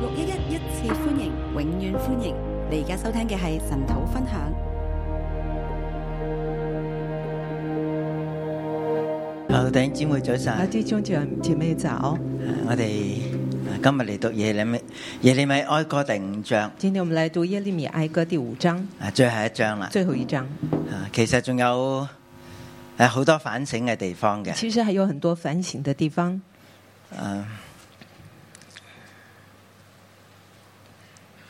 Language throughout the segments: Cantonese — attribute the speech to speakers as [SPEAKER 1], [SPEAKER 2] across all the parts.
[SPEAKER 1] 六一一一次歡迎，永遠歡迎！你而家收聽嘅係神土分享。
[SPEAKER 2] 好，弟兄姊妹早晨。啊，
[SPEAKER 1] 啲章字字咩？走，
[SPEAKER 2] 我哋今日嚟讀耶利米，耶利米哀歌第五章。
[SPEAKER 1] 今天我們嚟讀耶利米哀歌第五章。
[SPEAKER 2] 最後一章啦。最後一章。其實仲有好多反省嘅地方嘅。其實還有很多反省的
[SPEAKER 1] 地方。
[SPEAKER 2] 嗯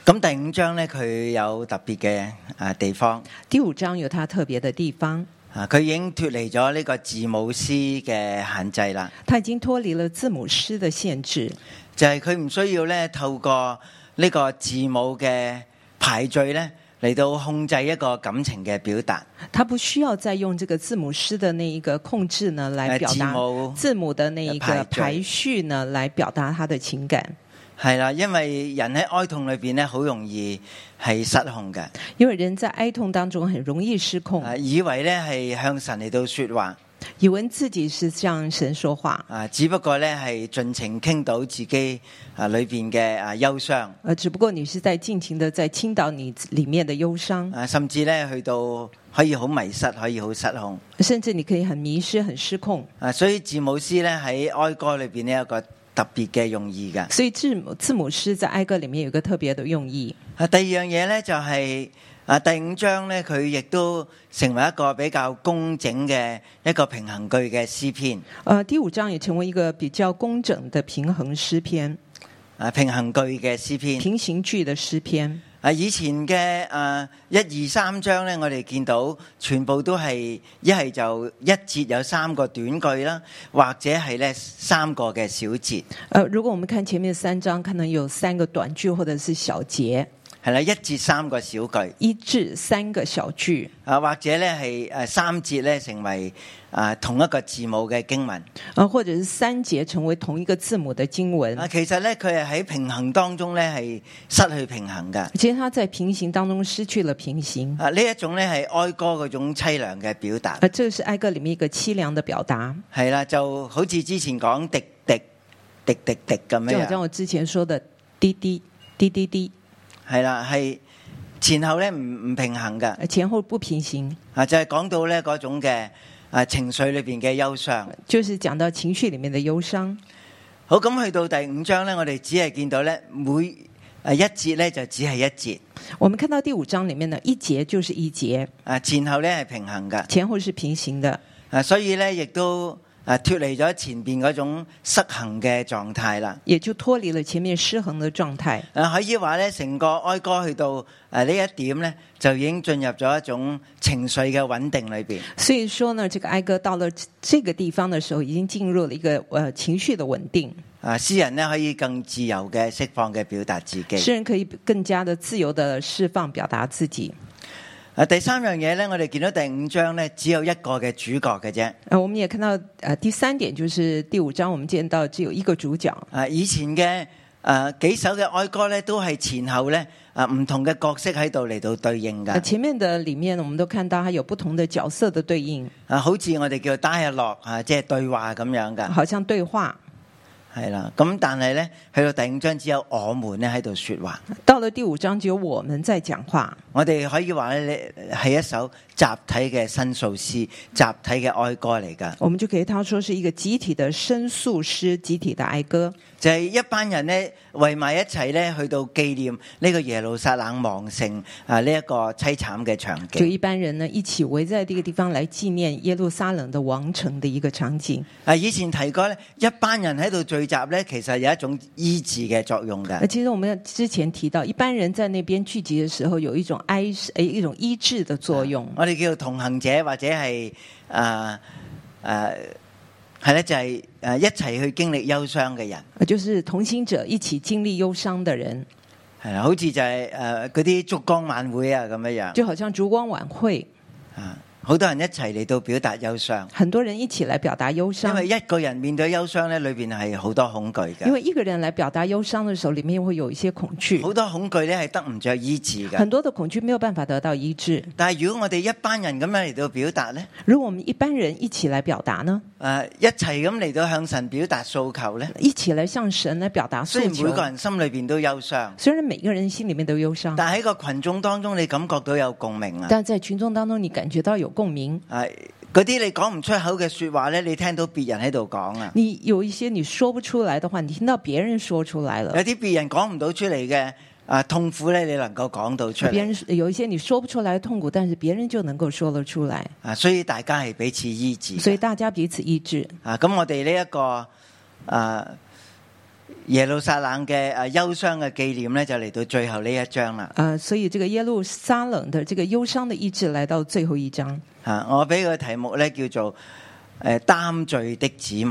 [SPEAKER 2] 咁第五章咧，佢有特別嘅啊地方。第五章有它特別的地方。啊，佢已經脱離咗呢個字母詩嘅限制啦。它已經脱離了字母詩嘅限制。就係佢唔需要咧透過呢個字母嘅排序咧嚟到控制一個感情嘅表達。
[SPEAKER 1] 它不需要再用這個字母詩的那一個控制
[SPEAKER 2] 呢，來表達字母字母的那一個排序呢，來表達它的情感。係啦，因為人喺哀痛裏邊咧，好容易係失控嘅。因為人在哀痛當中很容易失控，以為咧係向神嚟到說話，以為自己是向神說話。啊，只不過咧係盡情傾到自己啊裏邊嘅啊憂傷。啊，
[SPEAKER 1] 只不過你是在盡情的在傾倒你裏面的憂傷。
[SPEAKER 2] 啊，甚至咧去到可以好迷失，可以好失控，甚至你可以
[SPEAKER 1] 很迷失、很失
[SPEAKER 2] 控。啊，所以字母詩咧喺哀歌裏邊呢有一個。特別嘅用意㗎，所以字母字母詩在《哀歌》裏面有個特別的用意的。啊，第二樣嘢咧就係、是、啊，第五章咧佢亦都成為一個比較工整嘅一個平衡句嘅詩篇。
[SPEAKER 1] 誒、啊，第五章也成為一個比較工整的平衡詩篇。
[SPEAKER 2] 啊，平衡句嘅詩篇，平行句的詩篇。啊！以前嘅誒一二三章呢，我哋見到全部都係一係就一節有三個短句啦，或者係呢三個嘅小節。呃，如果我們看前面三章，可能有三個短句，或者是小節。係啦，一至三個小句，一至三個小句啊，或者咧係誒三節咧成為啊同一個字母嘅經文啊，或者是三節成為同一個字母的經文啊，其實咧佢係喺平衡當中咧係失去平衡噶。其實他在平行當中失去了平行啊，呢一種咧係哀歌嗰種凄涼嘅表達啊，
[SPEAKER 1] 這是哀歌裏面一個凄涼的表達。
[SPEAKER 2] 係啦，就好似之前講滴滴，滴滴滴滴滴咁樣，就好似我之前說的滴滴滴滴滴。係啦，係前後咧唔唔平衡噶，前後不平行啊！就係講到咧嗰種嘅，啊情緒裏邊嘅憂傷，就是講到情緒裏面嘅憂傷。是憂傷好，咁去到第五章咧，我哋只係見到咧每一節咧就只係一節。我們看到第五章裏面呢一節就是一節啊，前後咧係平衡噶，前後是平行的啊，所以咧亦都。啊，脫離咗前面嗰種失衡嘅狀態啦，也就脫離了前面失衡的狀態。啊，可以話呢，成個哀歌去到誒呢一點呢，就已經進入咗一種情緒嘅穩定裏邊。
[SPEAKER 1] 所以說呢，這個哀歌到了這個地方的時候，已經進入了一個誒情緒的穩定。啊，詩人呢，可以更自由
[SPEAKER 2] 嘅釋放嘅表達自己，詩人可以更加的自由的釋放表達自己。啊！第三樣嘢咧，我哋見到第五章咧，只有一個嘅主角嘅啫。啊，我們也看到，啊，第三點就是第五章，我們見到只有一個主角。啊，以前嘅啊幾首嘅愛歌咧，都係前後咧啊唔同嘅角色喺度嚟到對應噶。前面嘅裏面，我們都看到它有不同嘅角色的對應。啊，好似我哋叫 Dialogue 啊，即係對話咁樣噶。好像對話。係啦，咁但係咧，去到第五章只有我們咧喺度說話。到了第五章只有我們在講話。我哋可以話咧，係一首集體嘅申訴詩，集體嘅哀歌嚟噶。我們就可以說是一個集體的申訴詩，集體的哀歌。就係一班人咧。圍埋一齊咧，去到紀念呢個耶路撒冷亡城啊，呢一個淒慘嘅場景。就一
[SPEAKER 1] 班人呢，一起圍在呢個地方嚟紀念耶路撒冷的王城的一個
[SPEAKER 2] 場景。啊，以前提過咧，一班人喺度聚集咧，其實有一種醫治嘅作用嘅。其
[SPEAKER 1] 實我們之前提到，一班人在那邊聚集嘅時候，有一種哀誒一種
[SPEAKER 2] 醫治的作用。我哋叫同行者或者係啊啊。呃呃係咧就係、是、誒一齊去經歷憂傷嘅人，
[SPEAKER 1] 就是同行者一
[SPEAKER 2] 起經歷憂傷嘅人，係好似就係誒嗰啲燭光晚會啊咁樣樣，就好像燭光晚會啊。嗯好多人一齊嚟到表達憂傷，很多人一起來表達憂傷，因為一個人面對憂傷咧，裏邊係好多恐懼嘅。因為
[SPEAKER 1] 一個人嚟表達憂傷嘅時候，裏面會有一些恐
[SPEAKER 2] 懼，好多恐懼咧係得唔着醫治嘅。很
[SPEAKER 1] 多的恐懼沒有辦法得到醫
[SPEAKER 2] 治。但係如果我哋一班人咁樣嚟到表達呢，如果我們一班人一起來表達呢？誒、啊，一齊咁嚟到向神表達訴求咧，一起來向神嚟表達訴求。雖然每個人心裏邊都憂傷，雖然每個人心裏面都憂傷，但喺個群眾當中你感覺到有共鳴啦、啊。但
[SPEAKER 1] 在群眾當中你感覺到有。共鳴
[SPEAKER 2] 係嗰啲你講唔出口嘅說話咧，你聽到別人喺度講啊。你有一些你說不出來的話，你聽到別人說出來了。有啲別人講唔到出嚟嘅啊痛苦咧，你能夠講到出嚟。別人有一些你說不出
[SPEAKER 1] 來的痛苦，但是別人就能夠說得出來。
[SPEAKER 2] 啊，所以大家係彼此醫治。所以大家彼此醫治啊。咁我哋呢一個啊。耶路撒冷嘅憂傷嘅紀念呢，就嚟到最後呢一章了，uh,
[SPEAKER 1] 所以這個耶路撒冷的這個憂傷的意志來到最後一章，
[SPEAKER 2] 我俾個題目呢，叫做誒呃、擔罪的子民，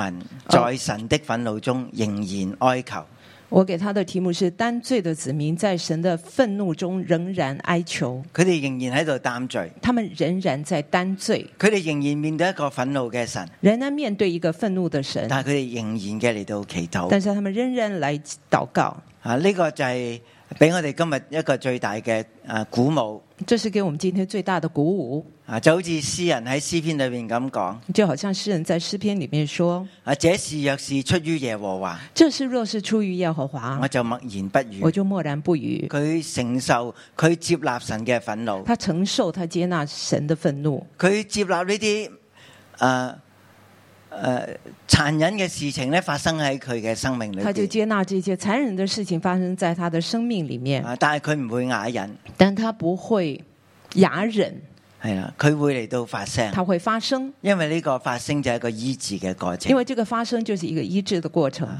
[SPEAKER 2] 在神的憤怒中仍然哀求。
[SPEAKER 1] 我給他的題目是擔罪的子民，在神的憤怒中仍然哀求，佢哋仍然喺
[SPEAKER 2] 度擔罪，他們仍然在擔罪，佢哋仍然面對一個憤怒嘅神，仍然面對一個憤怒的神，但佢哋仍然嘅嚟到祈禱，但是他們仍然嚟禱告，啊，呢個就係俾我哋今日一個最大嘅鼓舞，這是給我
[SPEAKER 1] 們今天最大的鼓舞
[SPEAKER 2] 啊！就好似詩人喺詩篇裏邊咁講，
[SPEAKER 1] 就好像詩人在詩
[SPEAKER 2] 篇裏面說：啊，這事若是出於耶和華，這事若是出於耶和華，我就默然不語，我就默然不語。佢承受佢接納神嘅憤怒，他承
[SPEAKER 1] 受他接納神的憤怒，
[SPEAKER 2] 佢接納呢啲誒、呃，殘忍嘅事情咧發生喺佢嘅生命裏面，他就接
[SPEAKER 1] 納這些殘忍的事情發生在他嘅生命裏面。但係佢唔會啞忍，但他不會
[SPEAKER 2] 啞忍。係啦，佢會嚟到發聲，他會發聲，因為呢個發聲就係一個醫治嘅過程。因為這個發聲就是一個醫治的過程。誒、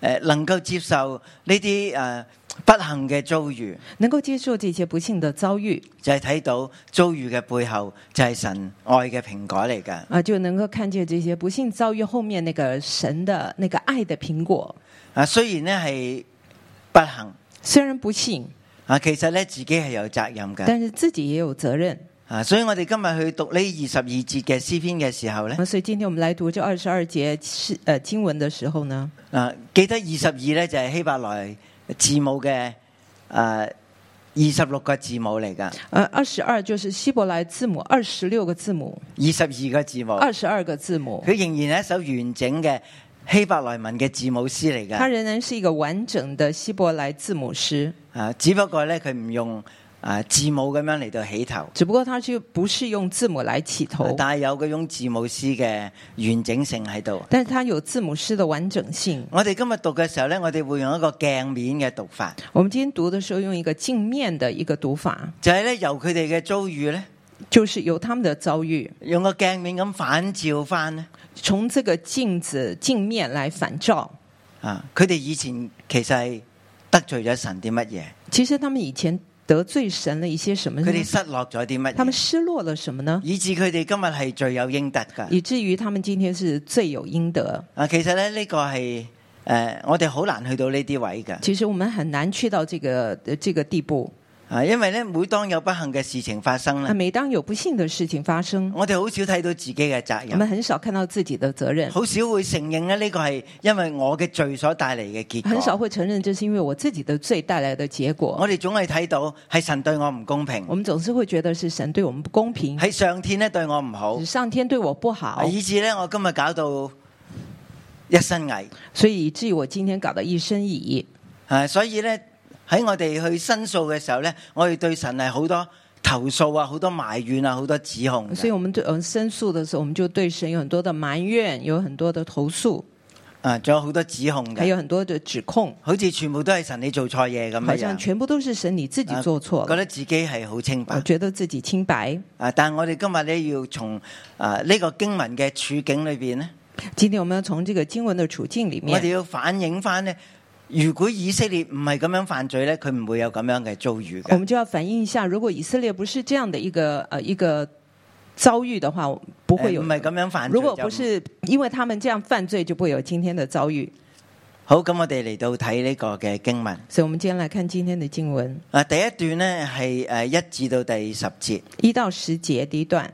[SPEAKER 2] 呃，能夠接受呢啲誒。呃不幸嘅遭遇，能夠接受這些不幸的遭遇，就係睇到遭遇嘅背後，就係神愛嘅蘋果嚟㗎。啊，
[SPEAKER 1] 就能夠看見這些不幸
[SPEAKER 2] 遭遇後面
[SPEAKER 1] 那個神的那個愛的蘋果。
[SPEAKER 2] 啊，雖然咧係不幸，雖然不幸，啊，其實咧自己係有責任嘅，但
[SPEAKER 1] 是自己也有
[SPEAKER 2] 責任。啊，所以我哋今日去讀呢二十二節嘅詩篇嘅時候咧，所以今天我們來讀
[SPEAKER 1] 這二十二節詩誒經文嘅時候呢，
[SPEAKER 2] 啊，記得二十二咧就係希伯來。字母嘅，誒、啊，二十六個字母嚟噶。誒，二十
[SPEAKER 1] 二就是希伯來字母，二十六個字母。
[SPEAKER 2] 二十二個字母。二十二個字母。佢仍然係一首完整嘅希伯來文嘅字母詩嚟噶。它仍然是一個完整的希伯來字母詩。啊，只不過咧，佢唔用。字母咁樣嚟到起頭，只不過佢就不是用字母來起頭，帶有嗰種字母詩嘅完整性喺度。但是，它有字母詩的完整性在這裡。我哋今日讀嘅時候呢，我哋會用一個鏡面嘅讀法。我們今天讀的時候，我用一個鏡面的一個讀法，就係咧由佢哋嘅遭遇呢，就是由他們的遭遇，遭遇用個鏡面咁反照翻，從這個鏡子鏡面來反照。啊，佢哋以前其實係得罪咗神啲乜嘢？
[SPEAKER 1] 其實他們以前。得罪神了一些什麼？佢哋失
[SPEAKER 2] 落咗啲乜嘢？他們失落了什麼呢？以至佢哋今日係罪有應得噶。以至於他們今天是罪有應得。啊，其實咧呢、這個係誒、呃，我哋好難去到呢啲位噶。其實我們很難去到這個這個地步。啊，因為咧，每當有不幸嘅事情發生咧，每當有不幸嘅事情發生，我哋好少睇到自己嘅責任，我們很少看到自己的責任，好少會承認咧，呢個係因為我嘅罪所帶嚟嘅結果，很少會承認，就是因為我自己的罪帶來的結果。我哋總係睇到係神對我唔公平，我們總是會覺得是神對我們不公平，喺上天咧對我唔好，上天對我不好，對不好以至呢，我今日搞到一身蟻，所以至於我今天搞到一身蟻，係所以咧。喺我哋去申訴嘅時候咧，我哋對神係好多投訴啊，好多埋怨啊，好多指控。所以，我們對嗯申訴嘅時候，我們就對神有很多嘅埋怨，有很多嘅投訴。啊，仲有好多指控嘅，還有很多嘅指控，控好似全部都係神你做錯嘢咁。好像全部都是神你自己做錯，覺得自己係好清白，我覺得自己清白。啊，但係我哋今日咧要從啊呢個經文嘅處境裏邊呢，今天我們要從這個經文的處境裏面，我哋要，要反映翻呢。如果以色列唔係咁樣犯罪咧，佢唔會有咁樣嘅遭遇。我
[SPEAKER 1] 們就要反映一下，如果以色列不是這樣，這樣的一個誒一個遭遇的話，呃，不會有。唔係咁樣犯罪，如果不是
[SPEAKER 2] 因為他們這樣犯罪，就不會有今天的遭遇。好，咁我哋嚟到睇呢個嘅經文。
[SPEAKER 1] 所以，我們今天來看今天的經文。
[SPEAKER 2] 啊，第一段呢係誒一至到第十節，一到十節第一段。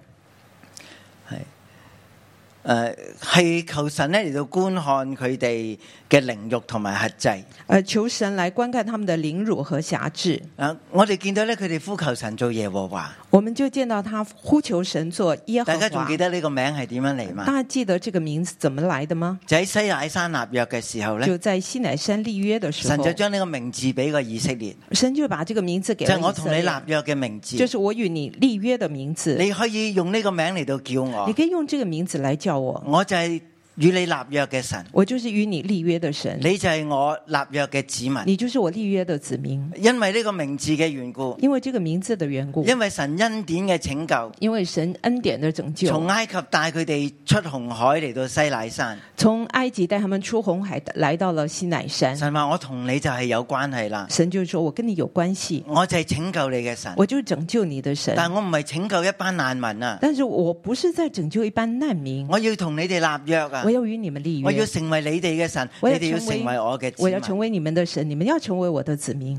[SPEAKER 2] 誒，係求神咧嚟到觀看佢哋嘅凌辱同埋轄制。誒，求神嚟觀看他們的凌辱和轄制。啊，我哋見到咧，佢哋呼求神做耶和華。我們就見到他呼
[SPEAKER 1] 求神做耶和華。大家仲記得呢
[SPEAKER 2] 個名係點樣嚟嘛？大
[SPEAKER 1] 家記得這個名字怎麼來的嗎？
[SPEAKER 2] 就喺西乃山立約嘅時候咧，就
[SPEAKER 1] 在西乃山立約的時候，神就將
[SPEAKER 2] 呢個名字俾個以色列。神就把這個名字給。就我同你立約嘅名字。就是我與你立約的名字。你可以用呢個名嚟到叫我。你可以用這個名字來叫我。我就係，與你立約嘅神，我就是與你立約嘅神。你就係我立約嘅子民，你就是我立約嘅子民。因為呢個名字嘅緣故，因為這個名字的緣故，因為神恩典嘅拯救，因為神恩典的拯救，從埃及帶佢哋出紅海嚟到西乃山，從埃及帶佢們出紅海，嚟到了西乃山。神話我同你就係有關係啦。神就說我跟你有關係，我就係拯救你嘅神，我就拯救你嘅神。但我唔係拯救一班難民啊，但是我唔係在拯救一班難民啊，我要同你哋立約啊。我要與你們立約。我要成為你哋嘅神，你哋要成為我嘅。我要成
[SPEAKER 1] 為你們的神，你們要
[SPEAKER 2] 成為我的子民。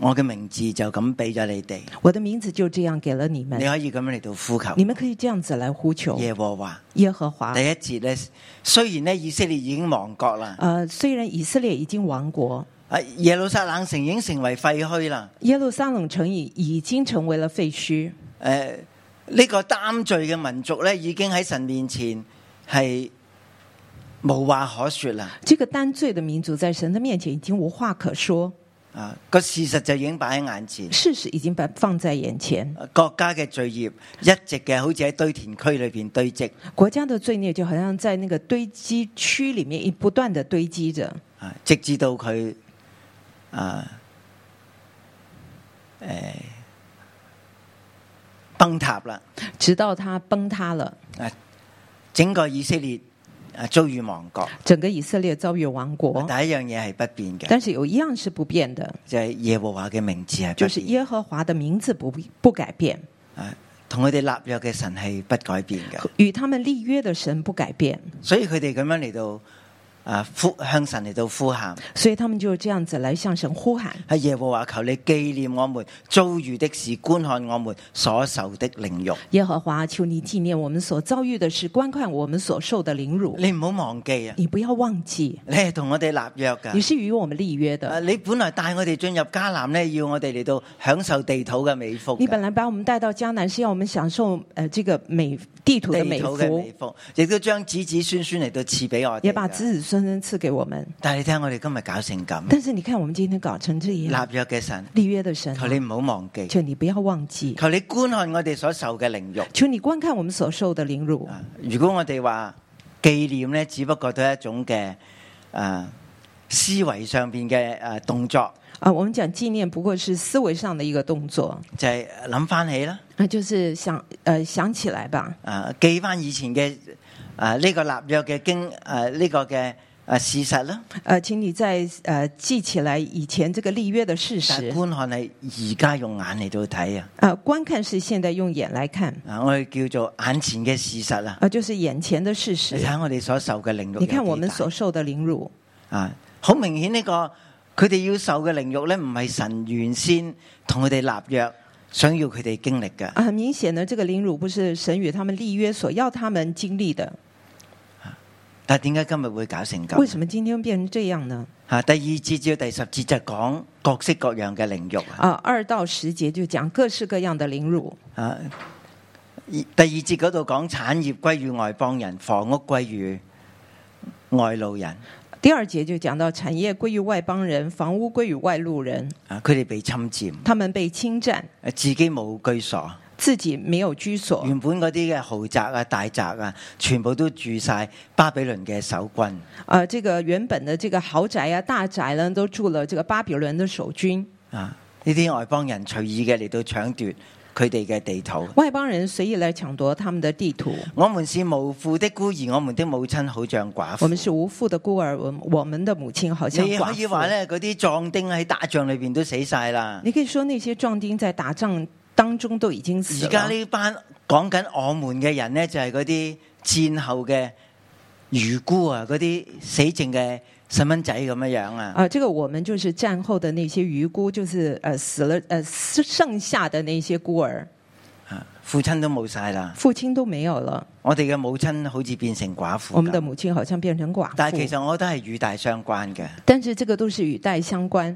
[SPEAKER 2] 我嘅名字就咁俾咗你哋，
[SPEAKER 1] 我的名字就這樣給了你
[SPEAKER 2] 們。你可以咁樣嚟到呼求，你們可以這樣子來呼求耶和華、耶和華。第一節咧，雖然咧以色列已經亡國啦，
[SPEAKER 1] 誒、啊，雖然以色列已經亡國，
[SPEAKER 2] 耶路撒冷城已經成為廢墟啦，耶路撒冷城已已經成為了廢墟了。誒、呃，呢、這個擔罪嘅民族咧，已經喺神面前係。無話可說啦！
[SPEAKER 1] 這個單罪的民族在神的面前已經無話可說
[SPEAKER 2] 啊！個事實就已經擺喺眼前，事實已經擺放在眼前。國家嘅罪孽一直嘅好似喺堆填區裏邊堆積，國家的罪孽就好像在那個堆積區裏面，一不斷地堆積着啊，直至到佢啊誒崩塌啦，直到它崩塌了，崩塌了、啊、整個以色列，遭遇亡國，整個以色列遭遇亡國。第一樣嘢係不變嘅，但是有一樣是不變嘅，就係耶和華嘅名字係，就是耶和華嘅名，名字不不改變。啊，同佢哋立約嘅神係不改變嘅，與他們立約嘅神，神不改變。所以佢哋咁樣嚟到，啊呼向神嚟到呼喊，所以他們就這樣子嚟向神呼喊。耶和華，求你紀念我們遭遇的事，觀看我們所受的凌辱。
[SPEAKER 1] 耶和華，求你紀念我們所遭遇的事，觀看我們所受的凌辱。
[SPEAKER 2] 你唔好忘記啊！你不要忘記，你係同我哋立約㗎，你是與我們立約的。你本來帶我哋進入迦南咧，要我哋嚟到享受地土嘅美福。你本
[SPEAKER 1] 來把我們帶到迦南，是要我們享受誒，這個美地土嘅美
[SPEAKER 2] 福，亦都將子子孫孫嚟到賜俾我哋，也把子子孫，孫們。賜給我們，但係你睇下我哋今日搞成咁。但
[SPEAKER 1] 是你看我們今天
[SPEAKER 2] 搞成這樣，立約嘅神，
[SPEAKER 1] 立約的神，求你
[SPEAKER 2] 唔好忘記，求你不要忘記，求你觀看我哋所受嘅凌辱，求你觀看我們所受的凌辱。如果我哋話紀念咧，只不過都係一種嘅誒、啊、思維上邊嘅誒動作。啊，我們講紀念不過是思維上的一個動作，就係諗翻起啦，啊，就是想誒、呃、想起來吧。啊，記翻以前嘅啊呢、這個立約嘅經誒呢、啊這個嘅。啊，事實啦！
[SPEAKER 1] 啊，請你再誒記起來以前
[SPEAKER 2] 這個立約的事實。觀看係而家用眼嚟到睇啊。
[SPEAKER 1] 啊，觀看是現在
[SPEAKER 2] 用眼來看。啊，我哋叫做眼前嘅事實啦。啊，就是眼前嘅事實。你睇我哋所受嘅凌辱。你看我們所受嘅凌，凌辱。啊，好明顯呢、這個佢哋要受嘅凌辱咧，唔係神原先同佢哋立約想要佢哋經歷嘅。啊，很
[SPEAKER 1] 明顯呢，這個凌辱不是神與他們立約所要他們經歷的。
[SPEAKER 2] 但係點解今日會搞成咁？為什
[SPEAKER 1] 麼今天變成這樣呢？
[SPEAKER 2] 吓，第二節至到第十節就講各式各樣嘅凌辱。啊，二到十節就講各式各樣嘅凌辱。啊，第二節嗰度講產業歸於外邦人，房屋歸於外路人。第二節就講到產業歸於外邦人，房屋歸於外路人。啊，佢哋被侵佔，他們被侵佔，侵自己冇居所。自己沒有居所，原本嗰啲嘅豪宅啊、大宅啊，全部都住晒巴比倫嘅守軍啊、
[SPEAKER 1] 呃，這個原本的這個豪宅啊、大宅咧，都住了這個巴比倫的守軍
[SPEAKER 2] 啊，呢啲外邦人隨意嘅嚟到搶奪佢哋嘅地土，
[SPEAKER 1] 外邦人隨意來搶奪他們的地土，
[SPEAKER 2] 我們是無父的孤兒，我們的母親好像寡婦，我
[SPEAKER 1] 們是無父的孤兒，我們，我們的母親好像寡。你可以話咧，
[SPEAKER 2] 嗰啲壯丁喺打仗裏邊都死晒啦。你可以說那些壯丁在打仗。當中都已經死，而家呢班講緊我們嘅人呢，就係嗰啲戰後嘅遺孤啊，嗰啲死剩嘅細蚊仔咁樣樣啊。啊，
[SPEAKER 1] 這個我們就是戰後
[SPEAKER 2] 的那些遺孤，就是誒、呃、死了誒、呃、剩下的那些孤兒。父親都冇晒啦。父親都沒有了。我哋嘅母親好似變成寡婦。我們的母親好像變成寡婦。成寡婦，但係其實我都係與大相關嘅。但是這個都是與大相關。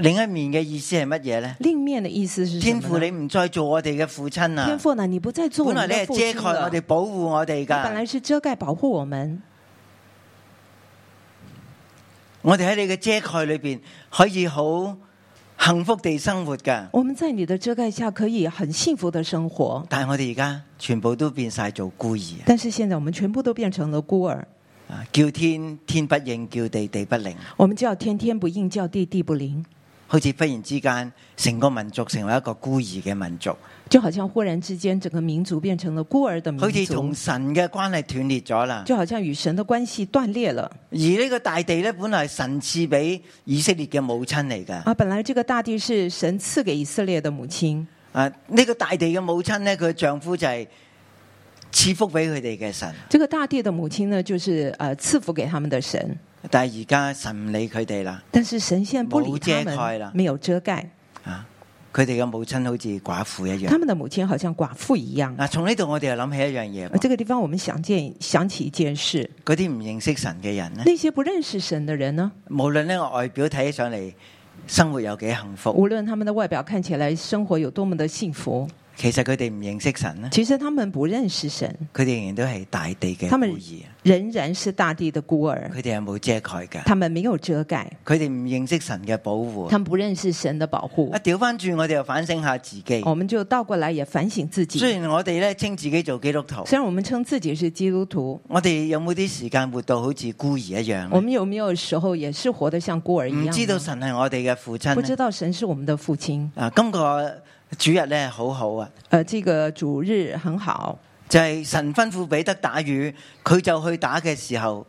[SPEAKER 2] 另一面嘅意思係乜嘢咧？另一面嘅意思是什麼？天父，你唔再做我哋嘅父親啊！天父，那你不再做我？再做我哋嘅父親本來你係遮蓋我哋、保護我哋噶。本
[SPEAKER 1] 來是遮蓋保護我們。
[SPEAKER 2] 我哋喺你嘅遮蓋裏邊，可以好幸福地生活噶。
[SPEAKER 1] 我們在你嘅遮蓋下，可以很幸福地生
[SPEAKER 2] 活。但係我哋而家全部都變晒做孤兒。但是現在，我們全部都變成了孤兒。叫天天不應，叫地地不靈。我們叫天天不應，叫地地不靈。好似忽然之間，成個民族成為一個孤兒嘅民族。
[SPEAKER 1] 就好像忽
[SPEAKER 2] 然之間，整個民族變成了孤兒的民族。好似同神嘅關係斷裂咗啦。就好像與神的關係斷裂了。而呢個大地呢，本來係神賜俾以色列嘅母親嚟嘅。
[SPEAKER 1] 啊，本來這個大地是神賜給以色列的母親。
[SPEAKER 2] 啊，呢個大地嘅母親呢，佢嘅丈夫就係、是。賜福俾佢哋嘅神，
[SPEAKER 1] 這個大地的母親呢，就是誒賜福給他們的
[SPEAKER 2] 神。但係而家神唔理佢哋啦，
[SPEAKER 1] 但是神仙不理他們沒有遮蓋，沒有遮蓋。
[SPEAKER 2] 啊，佢哋嘅母親好似寡婦一樣，他們
[SPEAKER 1] 的母親好像
[SPEAKER 2] 寡婦一樣。嗱、啊，從呢度我哋又諗起一樣嘢，啊，這個地方我們想見想起一件事。嗰啲唔認識神嘅人呢？那
[SPEAKER 1] 些不認識神的人呢？
[SPEAKER 2] 無論呢個外表睇起上嚟生活有幾幸福，無論
[SPEAKER 1] 他們的外表看起來生活有多麼的幸福。
[SPEAKER 2] 其實佢哋唔認識神咧。其實他們不認識神，佢哋仍然都係大地嘅孤兒，仍然是大地的孤兒。佢哋有冇遮蓋噶？他
[SPEAKER 1] 們沒有遮蓋，
[SPEAKER 2] 佢哋唔認識神嘅保護。他們不
[SPEAKER 1] 認識神的保護。啊，
[SPEAKER 2] 調翻轉我哋又反省下自己。我
[SPEAKER 1] 們就倒過來也反省自
[SPEAKER 2] 己。雖然我哋咧稱自己做基督徒，雖然
[SPEAKER 1] 我們稱自己是基督徒，
[SPEAKER 2] 我哋有冇啲時間活到好似孤兒一樣？我
[SPEAKER 1] 哋有冇有時候也是活得像孤兒一樣？知道神
[SPEAKER 2] 係我哋嘅父親，不知
[SPEAKER 1] 道神是我們的父親。
[SPEAKER 2] 父親啊，今、這個。主日咧好好啊，誒，這個主日很好。就係神吩咐彼得打魚，佢就去打嘅時候，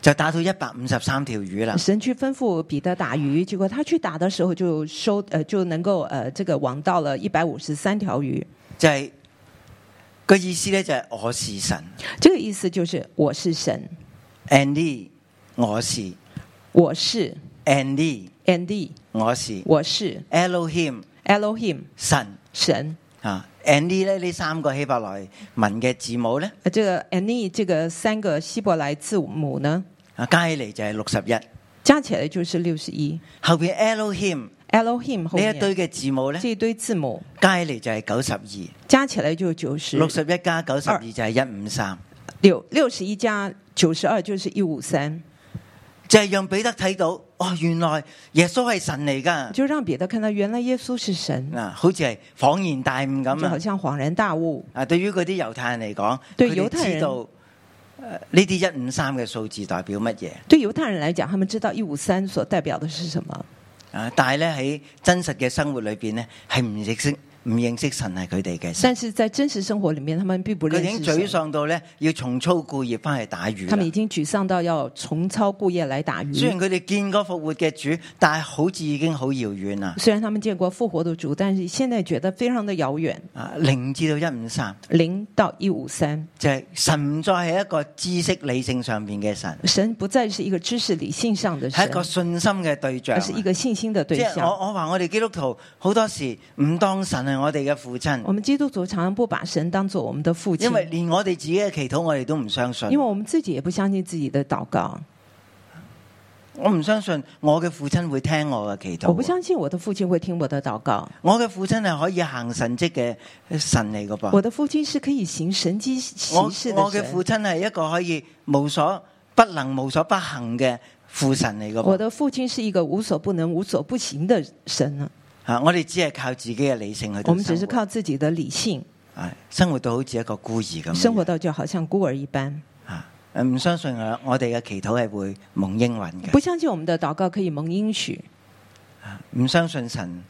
[SPEAKER 2] 就打到一百五十三條魚啦、就是。神去吩咐彼得打魚，結果他去打
[SPEAKER 1] 嘅時候就收，誒就能夠誒，這個網到了一百五十三條魚。就係
[SPEAKER 2] 個意思咧、就是，就係我是神。這個意思就是我是神。Andy，我是。我是。Andy，Andy，Lee, 我是。And Lee, 我是。Elohim。Elohim 神神啊，Andy 咧呢三個希伯來文嘅字母咧？啊，這 Andy，這個三個希伯來字母呢？啊，加起嚟就係六十一，加起嚟就是六十一。後邊 Elohim，Elohim，呢一堆嘅字母咧？呢一堆字母加起嚟就係九十二，加起嚟就九十。六十一加九十二就係一五三。六六十一加九十二就是一五三，就係讓彼得睇到。哇、哦！原來耶穌係神嚟噶，就讓別人看到原來耶穌是神啊，好似係恍然大悟咁樣，好像恍然大悟。啊，對於嗰啲猶太人嚟講，對猶太人知道，誒，呢啲一五三嘅數字代表乜嘢？對猶太人嚟講，他們知道一五三所代表的是什麼啊？但係咧喺真實嘅生活裏邊呢係唔認識。唔認識神係佢哋嘅，但是
[SPEAKER 1] 在真實生活裏面，他們並不認識。已經沮喪
[SPEAKER 2] 到咧，要重操故業翻去打魚。他們已經沮喪到要重操故業來打魚。雖然佢哋見過復活嘅主，但係好似已經好遙遠啦。雖然
[SPEAKER 1] 他們見過復活的主，但是現在覺得非常的遙遠。
[SPEAKER 2] 啊，零至到一五三，零到一五三，即係神唔再係一個知識理性上面嘅神。神不再是一個知識理性上的神，神是一個信心嘅對象。是一個信心的對象。即係我我話我哋基督徒好多時唔當神我哋嘅父親，我們基督徒常常
[SPEAKER 1] 不把神當做我們的父親，因為
[SPEAKER 2] 連我哋自己嘅祈禱我哋都唔相信，因為我們自
[SPEAKER 1] 己也不相信自
[SPEAKER 2] 己的禱告。我唔相信我嘅父親會聽我嘅祈禱，我不相信我的父親會聽我的禱告。我嘅父親係可以行神蹟嘅神嚟嘅噃，我的父親是可以行神蹟行事的神。我嘅父親係一個可以無所不能、無所不行嘅父神嚟嘅。我
[SPEAKER 1] 的父親是一個無所不能、無所不行的神啊。
[SPEAKER 2] 啊！我哋只係靠自己嘅理性去。我們只是靠自己的理性，的理性、啊。生活到好似一個孤兒咁。生活
[SPEAKER 1] 到就好像孤兒一般。
[SPEAKER 2] 唔相信我哋嘅祈禱係會蒙應允嘅。
[SPEAKER 1] 不相信我們的禱告可以蒙應許。
[SPEAKER 2] 啊，唔相信神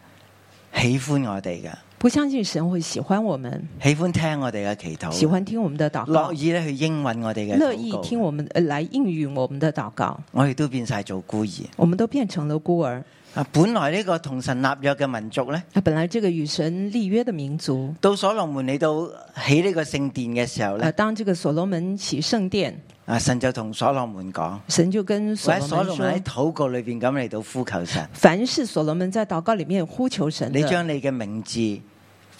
[SPEAKER 2] 喜歡我哋嘅。
[SPEAKER 1] 不相信神會喜歡我們。
[SPEAKER 2] 喜歡聽我哋嘅祈禱。喜歡
[SPEAKER 1] 聽我們的禱告，樂意
[SPEAKER 2] 咧去應允我哋嘅。樂意聽我們來應允我們的禱告。我哋都變晒做孤兒。我們都變成了孤兒。啊！本來呢個同神立約嘅民族咧，啊！本來這個與神，神立
[SPEAKER 1] 約嘅民族，
[SPEAKER 2] 到所羅門嚟到起呢個聖殿嘅時候咧，啊！當呢個所羅門起聖殿，啊！神就同所羅門講，
[SPEAKER 1] 神就跟所羅門喺禱
[SPEAKER 2] 告裏邊咁嚟到呼求神，
[SPEAKER 1] 凡是所
[SPEAKER 2] 羅門在禱告裏面呼求神，你將你嘅名字。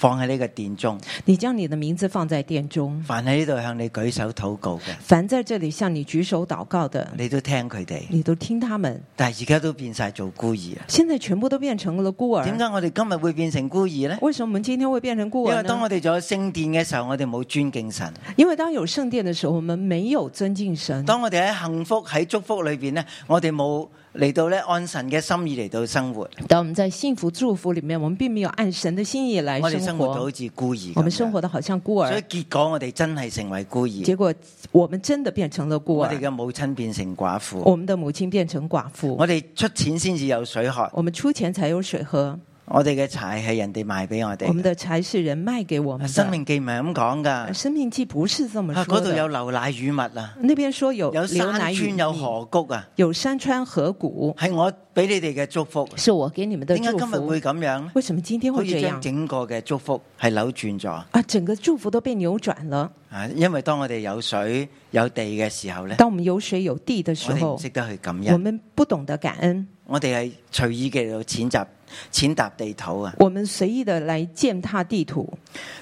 [SPEAKER 2] 放喺呢個殿中，你將你的名字放在殿中。凡喺呢度向你舉手禱告嘅，凡在這裏向你舉手禱告的，你都聽佢哋，你
[SPEAKER 1] 都聽他們。
[SPEAKER 2] 但係而家都變晒做孤兒啊。現在全部都變成了孤兒。點解我哋今日會變成孤兒呢？為什麼我們今天會變成孤兒？因為當我哋仲有聖殿嘅時候，我哋冇尊敬神。因為當有聖殿嘅時候，我們沒有尊敬神。當我，們敬神當我哋喺幸福喺祝福裏邊呢，我哋冇。嚟到咧，按神嘅心意嚟到生活。
[SPEAKER 1] 但我們在幸福祝福裏面，我們並沒有按神嘅心意嚟。我哋生活到好
[SPEAKER 2] 似孤兒，我們生活得好像孤兒。孤兒，所以結果我哋真係成為孤兒。結果我們真的變成了孤兒。我哋嘅母親變成寡婦，我們的母親變成寡婦。我哋出錢先至有水喝，我們出錢才有水喝。我哋嘅柴係人哋賣俾我哋。我哋嘅柴是人賣給我們。申命記唔係咁講噶？申命記不是這麼說。嗰度有牛奶與蜜啊。呢邊說有。有山川有河谷啊。有山川河谷。係我俾你哋嘅祝福。是我給你哋的祝福。點解今日會咁樣？為什麼今天會這樣？整個嘅祝福係扭轉咗。啊，整個祝福都被扭轉了。啊，因為當我哋有水有地嘅時候咧。當我哋有水有地嘅時候。我哋唔識得去感恩。我們不懂得感恩。我哋係隨意嘅去譴責。踐踏地圖啊！我們隨意的來踐踏地圖。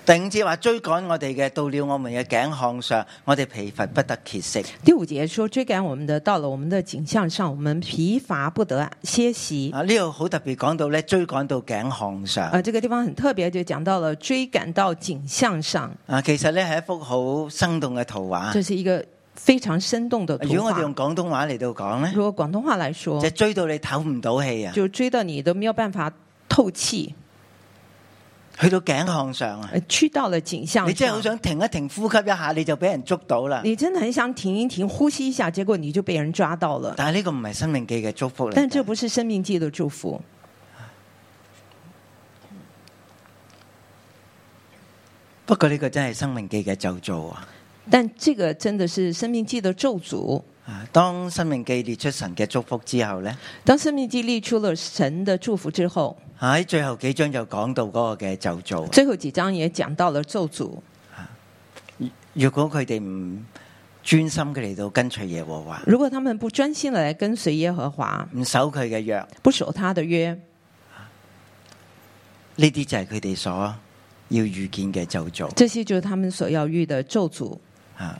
[SPEAKER 2] 第五節話追趕我哋嘅，到了我們嘅頸項上，我哋疲乏不得歇息。第五節說
[SPEAKER 1] 追趕我們的，到了我們的頸項上，我們疲乏不得
[SPEAKER 2] 歇息。啊，呢度好特別講到咧，追趕到頸項上。啊，這
[SPEAKER 1] 個地方很特別，就講到了追趕到頸項
[SPEAKER 2] 上。啊，其實呢係一幅好生動嘅圖畫。就
[SPEAKER 1] 是一個。非常生動的。如果我哋用
[SPEAKER 2] 廣東話嚟到講呢，如果廣東話來說，就追到你唞唔到氣啊！就追到你都冇
[SPEAKER 1] 辦法透氣，
[SPEAKER 2] 去到頸項上
[SPEAKER 1] 啊！去到了頸
[SPEAKER 2] 項，你真係好想停一停呼吸一下，你就俾人捉到啦！你真的很想停一停呼吸一下，結果你就被人抓到了。但係呢個唔係生命記嘅祝福，但這不是生命記嘅祝福。不過呢個真係生命記嘅咒詛啊！但這個真的是生命記的咒詛。啊，當生命記列出神嘅祝福之後呢，當生命記列出了神的祝福之後，喺、啊、最後幾章就講到嗰個嘅咒詛。最
[SPEAKER 1] 後幾章也講到了咒詛。
[SPEAKER 2] 啊，如果佢哋唔專心嘅嚟到跟隨耶和華，如果他們不專心來跟隨耶和華，唔守佢嘅約，不守他的約，呢啲、啊、就係佢哋所要遇見嘅咒詛。這
[SPEAKER 1] 些就是他們所要遇的咒詛。
[SPEAKER 2] 啊！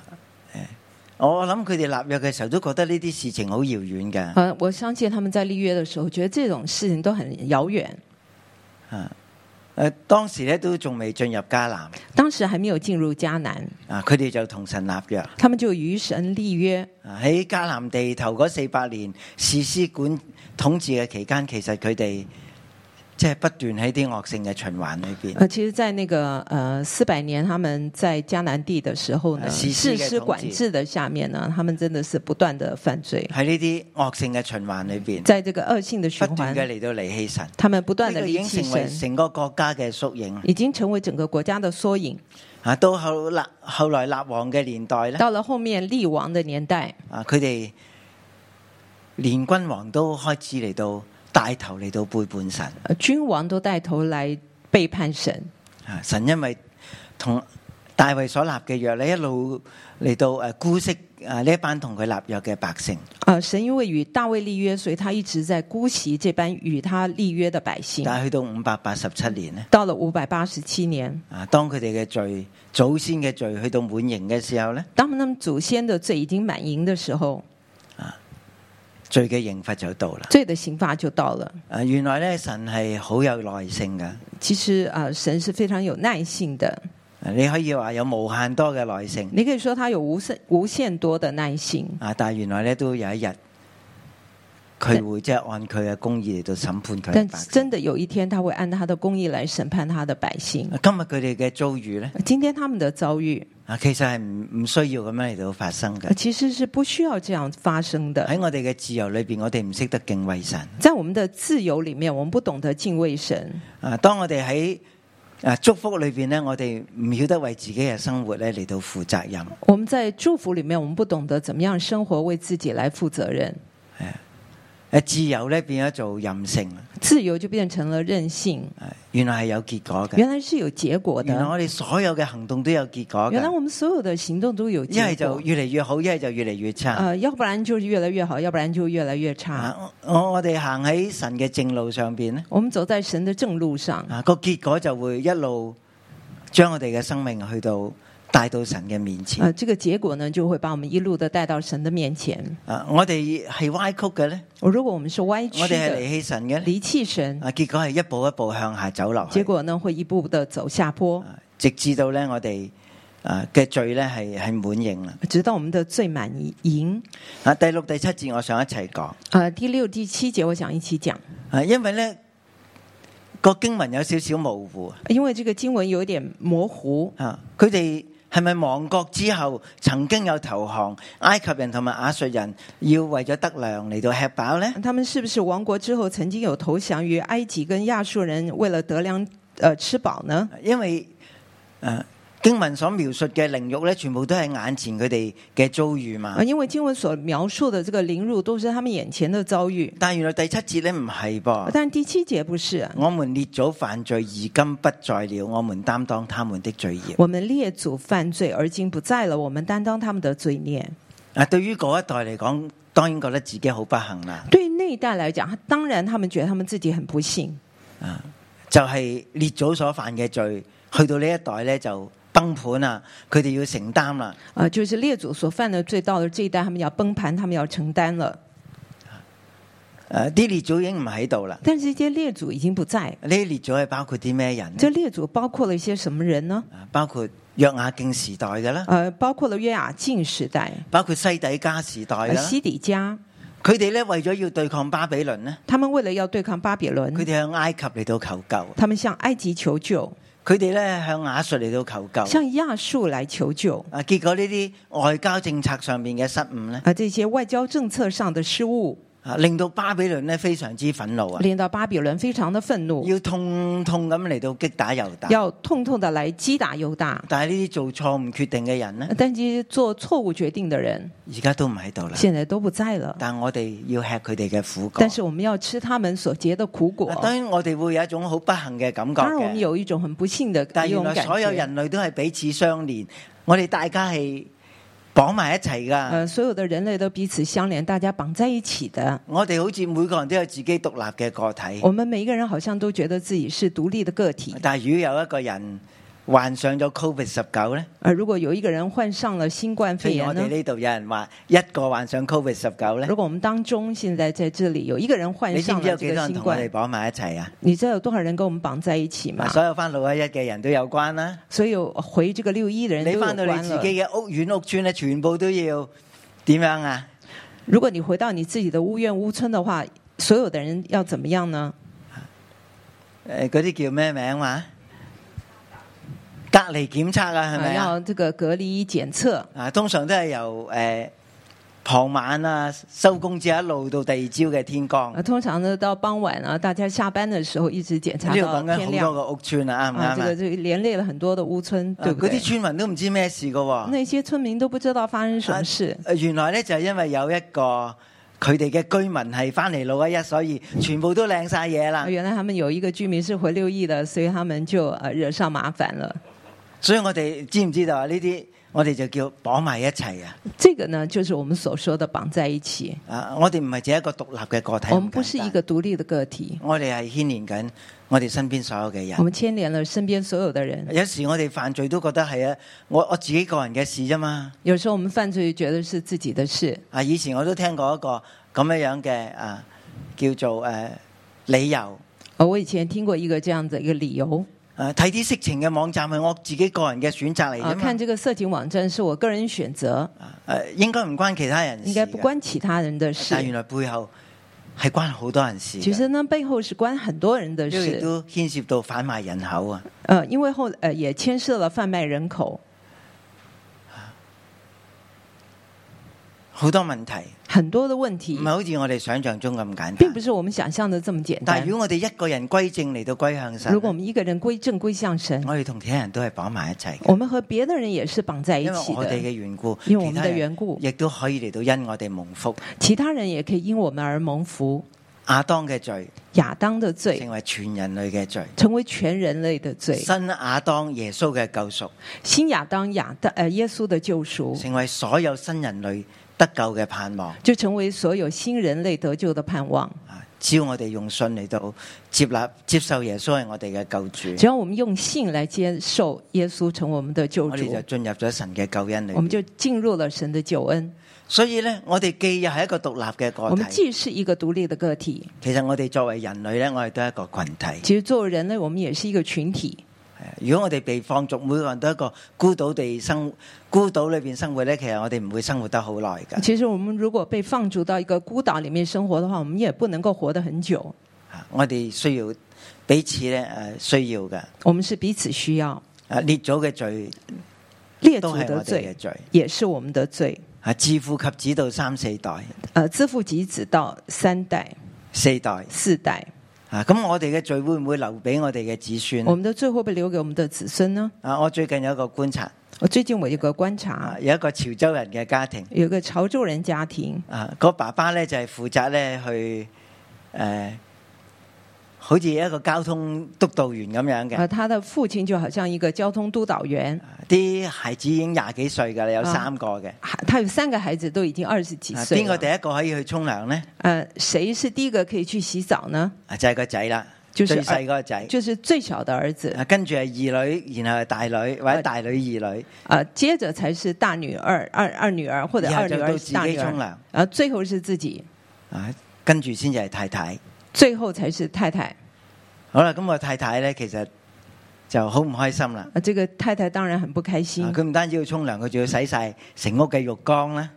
[SPEAKER 2] 我諗佢哋立約嘅時候都覺得呢啲事情好遙遠嘅。
[SPEAKER 1] 我相信他們在立約的時候，覺得這種事情都很
[SPEAKER 2] 遙遠。啊！誒，當時咧都仲未進入迦南。當時還沒有進入迦南。啊！佢哋就同神立約。他們就與神立約。喺迦南地頭嗰四百年，士師管統治嘅期間，其實佢哋。即係不斷喺啲惡性嘅循環裏邊。啊，
[SPEAKER 1] 其實，在那個，誒，四百年他們在迦南地嘅時候呢，士師管治的下面呢，他們真的是不斷的犯罪。
[SPEAKER 2] 喺呢啲惡性嘅循環裏邊。在這個惡性的循環裏面。不斷嘅嚟到離棄神。他
[SPEAKER 1] 們不斷的離棄神。已經成為成
[SPEAKER 2] 個國家嘅縮影。已經成為整個國家嘅縮影。啊，到後立後來立王嘅年代咧，到
[SPEAKER 1] 了後面立王嘅年代，
[SPEAKER 2] 啊，佢哋連君王都開始嚟到。帶頭嚟到背叛神，君王都帶頭嚟背叛神。啊！神因為同大衛所立嘅約，你一路嚟到誒姑息啊呢一班同佢立約嘅百姓。
[SPEAKER 1] 啊！神因為與大衛立約，所以他一直在姑息這班與他立約
[SPEAKER 2] 嘅百姓。但係去到五百八十七年咧，到了五百八十七年，啊，當佢哋嘅罪、祖先嘅罪去到滿盈嘅時候咧，當他們祖先嘅罪已經滿盈嘅時候。罪嘅刑罰就到啦，罪嘅刑罰就到了。啊，原來咧
[SPEAKER 1] 神係好有耐性噶。其實啊，神是非常有耐性的。你
[SPEAKER 2] 可以話有無限多嘅耐性，你可以說他有無限有無限多嘅耐性。啊，但係原來咧都有一日。佢會即係按佢嘅公義嚟到審判佢。但
[SPEAKER 1] 真的有一天，他會按他的公義嚟審判他的百姓。
[SPEAKER 2] 今日佢哋嘅遭遇呢？今天他們的遭遇啊，其實係唔唔需要咁樣嚟到發生嘅。其實是不需要這樣發生的。喺我哋嘅自由裏邊，我哋唔識得敬畏神。
[SPEAKER 1] 在我們的自由裏面，我們不懂得敬畏神。
[SPEAKER 2] 啊，當我哋喺啊祝福裏邊呢，我哋唔曉得為自己嘅生活咧嚟到負責任。
[SPEAKER 1] 我們在祝福裏面，我們不懂得怎麼樣生活為自己來負責任。
[SPEAKER 2] 誒，自由咧變咗做任性，
[SPEAKER 1] 自由就變成了任性。
[SPEAKER 2] 原來係有結果嘅。原來是有結果的。原來我哋所有嘅行動都有結果。原來
[SPEAKER 1] 我們所有的行動都有結果。一係就
[SPEAKER 2] 越嚟越好，一係就越嚟越差。啊，要不然就越來越好，要不然就越來越差。啊、我我哋行喺神嘅正路上邊咧。我們走在神的正路上。啊，個結果就會一路將我哋嘅生命去到。帶到神嘅面前。啊，
[SPEAKER 1] 這個結果呢，就會把我們一路的帶到神的面前。
[SPEAKER 2] 啊，我哋係歪曲嘅咧。我如果我們是歪曲，我哋係離棄神嘅，離棄神。啊，結果係一步一步向下走落。結果呢，會一步步的走下坡，直至到咧我哋啊嘅罪咧係係滿盈啦。直到我們的罪滿盈。啊，第六第七節我想一齊講。啊，
[SPEAKER 1] 第六第七節我想一起講。
[SPEAKER 2] 啊，因為咧，這個經文有少少模糊。啊，因為這個經文有點模糊。啊，佢哋。係咪亡國之後曾經有投降，埃及人同埋亞述人要為咗得糧嚟到吃飽呢？他們是不是亡國之後曾經有投降於
[SPEAKER 1] 埃及跟亞述人，為了得糧，
[SPEAKER 2] 呃，吃飽呢？因為，嗯、呃。經文所描述嘅凌辱咧，全部都係眼前佢哋嘅遭遇嘛。因為經文所描述的這個凌辱，都是他們眼前的遭遇。但原來第七節咧唔係噃。但第七節不是啊。我們列祖犯罪而今不在了，我們擔當他們的罪孽。我
[SPEAKER 1] 們列祖犯罪而今不在了，我們擔當他們的罪孽。
[SPEAKER 2] 啊，對於嗰一代嚟講，當然覺得自己好不幸啦。
[SPEAKER 1] 對於呢一代嚟講，當然他們覺得他們自己很不幸。
[SPEAKER 2] 啊，就係列祖所犯嘅罪，去到呢一代咧就。崩盤啊！佢哋要承擔啦。
[SPEAKER 1] 啊，就是列祖所犯的罪，到咗這一代，他們要崩盤，他
[SPEAKER 2] 們要承擔
[SPEAKER 1] 了。
[SPEAKER 2] 誒，啲列祖已經唔喺度啦。但係，呢啲列祖已經不在。呢列祖係包括啲咩人？即係列祖包括了一些什麼人呢？包括約雅敬時代嘅啦。誒，包括了約雅敬時代，包括西底加時代。西底加，佢哋咧為咗要對抗巴比倫呢，他們為了要對抗巴比倫，佢哋向埃及嚟到求救，他們向埃及求救。佢哋呢向亞述嚟到求救，向亞述嚟求救。啊，結果呢啲外交政策上面嘅失誤呢，啊，這些外交政策上的失誤。令到巴比倫咧非常之憤怒啊！
[SPEAKER 1] 令到巴比倫非
[SPEAKER 2] 常的憤怒，要痛痛咁嚟到擊打猶大，要痛痛地嚟擊打猶大。但係呢啲做錯誤決定嘅人呢，但係做錯誤決定嘅人，而家都唔喺度啦。現在都不在了。但我哋要吃佢哋嘅苦，但是我們要吃他們所結的苦果。當然我哋會有一種好不幸嘅感覺。當然我們會有一種很不幸的感覺。但係原來所有人類都係彼此相連，我哋大家係。綁埋一齊㗎，所有的人類都彼此相連，大家綁在一起的。我哋好似每個人都有自己獨立嘅個體。我們每一個人好像都覺得自己是獨立的個體。但如果有一個人，患上咗 Covid 十九咧？啊，如果有一個人患上了新冠肺炎，我哋呢度有人話一個患上 Covid 十九咧。如果我們當中現在在這裏有一個人患上了新冠，你知道幾多人同我哋綁埋一齊啊？
[SPEAKER 1] 你知道有多少人跟我們綁在一起嘛？」「所有返六一嘅人都有關啦。所有回這個六一嘅人，人你返到你自己嘅
[SPEAKER 2] 屋苑屋村咧，全部都要點樣啊？
[SPEAKER 1] 如果你回到你自己的屋苑屋村嘅話，所有嘅人要怎麼樣呢？誒、
[SPEAKER 2] 呃，嗰啲叫咩名嘛、啊？隔離檢測啊，係咪要這個隔離檢測啊。通常都係由誒、呃、傍晚啊收工之後一路到第二朝嘅天光、
[SPEAKER 1] 啊。通常都到傍晚啊，大家下班嘅時候一直檢查呢到
[SPEAKER 2] 天亮。啊，這個就
[SPEAKER 1] 連累了很多的屋村，嗰啲村
[SPEAKER 2] 民都唔知咩事㗎。對對那些村民都不知道發生什麼事。啊啊、原來呢，就係、是、因為有一個佢哋嘅居民係翻嚟六一，所以全部都靚晒嘢啦。原來他們有一個居民是回六一嘅，所以他們就、啊、惹上麻煩了。所以我哋知唔知道啊？呢啲我哋就叫綁埋一齊啊！
[SPEAKER 1] 這個呢，就是我們所說的綁在
[SPEAKER 2] 一起。啊，我哋唔係只一個獨立嘅個體。我們不是一個獨立的個體。我哋係牽連緊我哋身邊所有嘅人。我們
[SPEAKER 1] 牽連了身邊所有的人。
[SPEAKER 2] 有時我哋犯罪都覺得係啊，我我自己個人嘅事啫嘛。有時候我們犯罪覺得是自己的事。啊，以前我都聽過一個咁樣樣嘅啊，叫做誒、啊、理由。哦，我以前聽過一個這樣子一個理由。睇啲色情嘅網站係我自己個人嘅選擇嚟啫嘛！看這個色情網站是我個人選擇，誒應該唔關其他人事，應該不關其他人的事。但原來背後係關好多人事。其實呢，背後是關很多人的事，都牽涉到販賣人口啊！
[SPEAKER 1] 誒，因為後來也牽涉了販賣人
[SPEAKER 2] 口。好多問題，很多的問題，唔係好似我哋想象中咁簡單，並不是我們想象的這麼簡單。但係如果我哋一個人歸正嚟到歸向神，如果我
[SPEAKER 1] 們一個人歸正歸向神，我哋同其
[SPEAKER 2] 他人都係綁埋一齊。我們和別的人也是綁在一起的。因為我哋嘅緣故，因為我們的緣故，亦都可以嚟到因我哋蒙福。其他人也可以因我們而蒙福。亞當嘅罪，亞當嘅罪，成為全人類嘅罪，
[SPEAKER 1] 成為全人類的罪。的罪，
[SPEAKER 2] 新亞當耶穌嘅救贖，新亞當亞的誒耶穌嘅救贖，成為所有新人類得救嘅盼望，就成為所有新
[SPEAKER 1] 人類得救嘅盼望。
[SPEAKER 2] 只要我哋用信嚟到接納、接受耶穌係我哋嘅救主。只要
[SPEAKER 1] 我們用信來接受耶穌，成我們的救主，我們就進
[SPEAKER 2] 入咗神嘅救恩裏。我們就進
[SPEAKER 1] 入了神嘅救恩。所以呢，我哋既
[SPEAKER 2] 又係一個獨立嘅個體。我們既是一個獨立嘅個體。其實我哋作為人類呢，我哋都係一個群體。其實作為人類，我們也是一個群體。如果我哋被放逐，每個人都一個孤島地生活，孤島裏邊生活咧,其實我哋唔會生活得好耐嘅。
[SPEAKER 1] 其實我們如果被放逐到一個孤島裏面生活嘅話，我們也不能夠活得很久。
[SPEAKER 2] 我哋需要彼此咧，誒，需要嘅。我們是彼此需要。列祖嘅罪，列祖的罪，是的罪也是我們的罪。啊，自父及子到三四代。誒，自父及子到三代、四代、四代。啊！咁我哋嘅罪會唔會留俾我哋嘅子孫？我們的罪會不會留給我們的子孫呢？啊！我最近有一個觀察，我最近我有一個觀察，有一個潮州人嘅家庭，有個潮州人家庭。啊！個爸爸咧就係負責咧去誒。呃好似一個交通督導員咁樣嘅。啊，他
[SPEAKER 1] 的父親就好像一個交通督導員。
[SPEAKER 2] 啲孩子已經廿幾歲噶啦，有三個嘅、
[SPEAKER 1] 啊。他有三個孩子都已經二十幾歲了。邊個
[SPEAKER 2] 第一個可以去沖涼呢？
[SPEAKER 1] 誒，誰是第一個可以去洗澡呢？
[SPEAKER 2] 就係個仔啦，最細個仔，就是，就是最小的兒子。啊、跟住係二女，然後係大女，或者大女二
[SPEAKER 1] 女。啊，接着才是大女兒，二二女兒，或者二女兒自己大女兒。啊，最
[SPEAKER 2] 後是自己。啊，跟住先至係太太。最後才是太太。好啦，咁我太太呢，其實就好唔開心啦。啊，這個太太當然很不開心。佢唔，啊，單止要沖涼，佢仲要洗晒成屋嘅浴缸呢，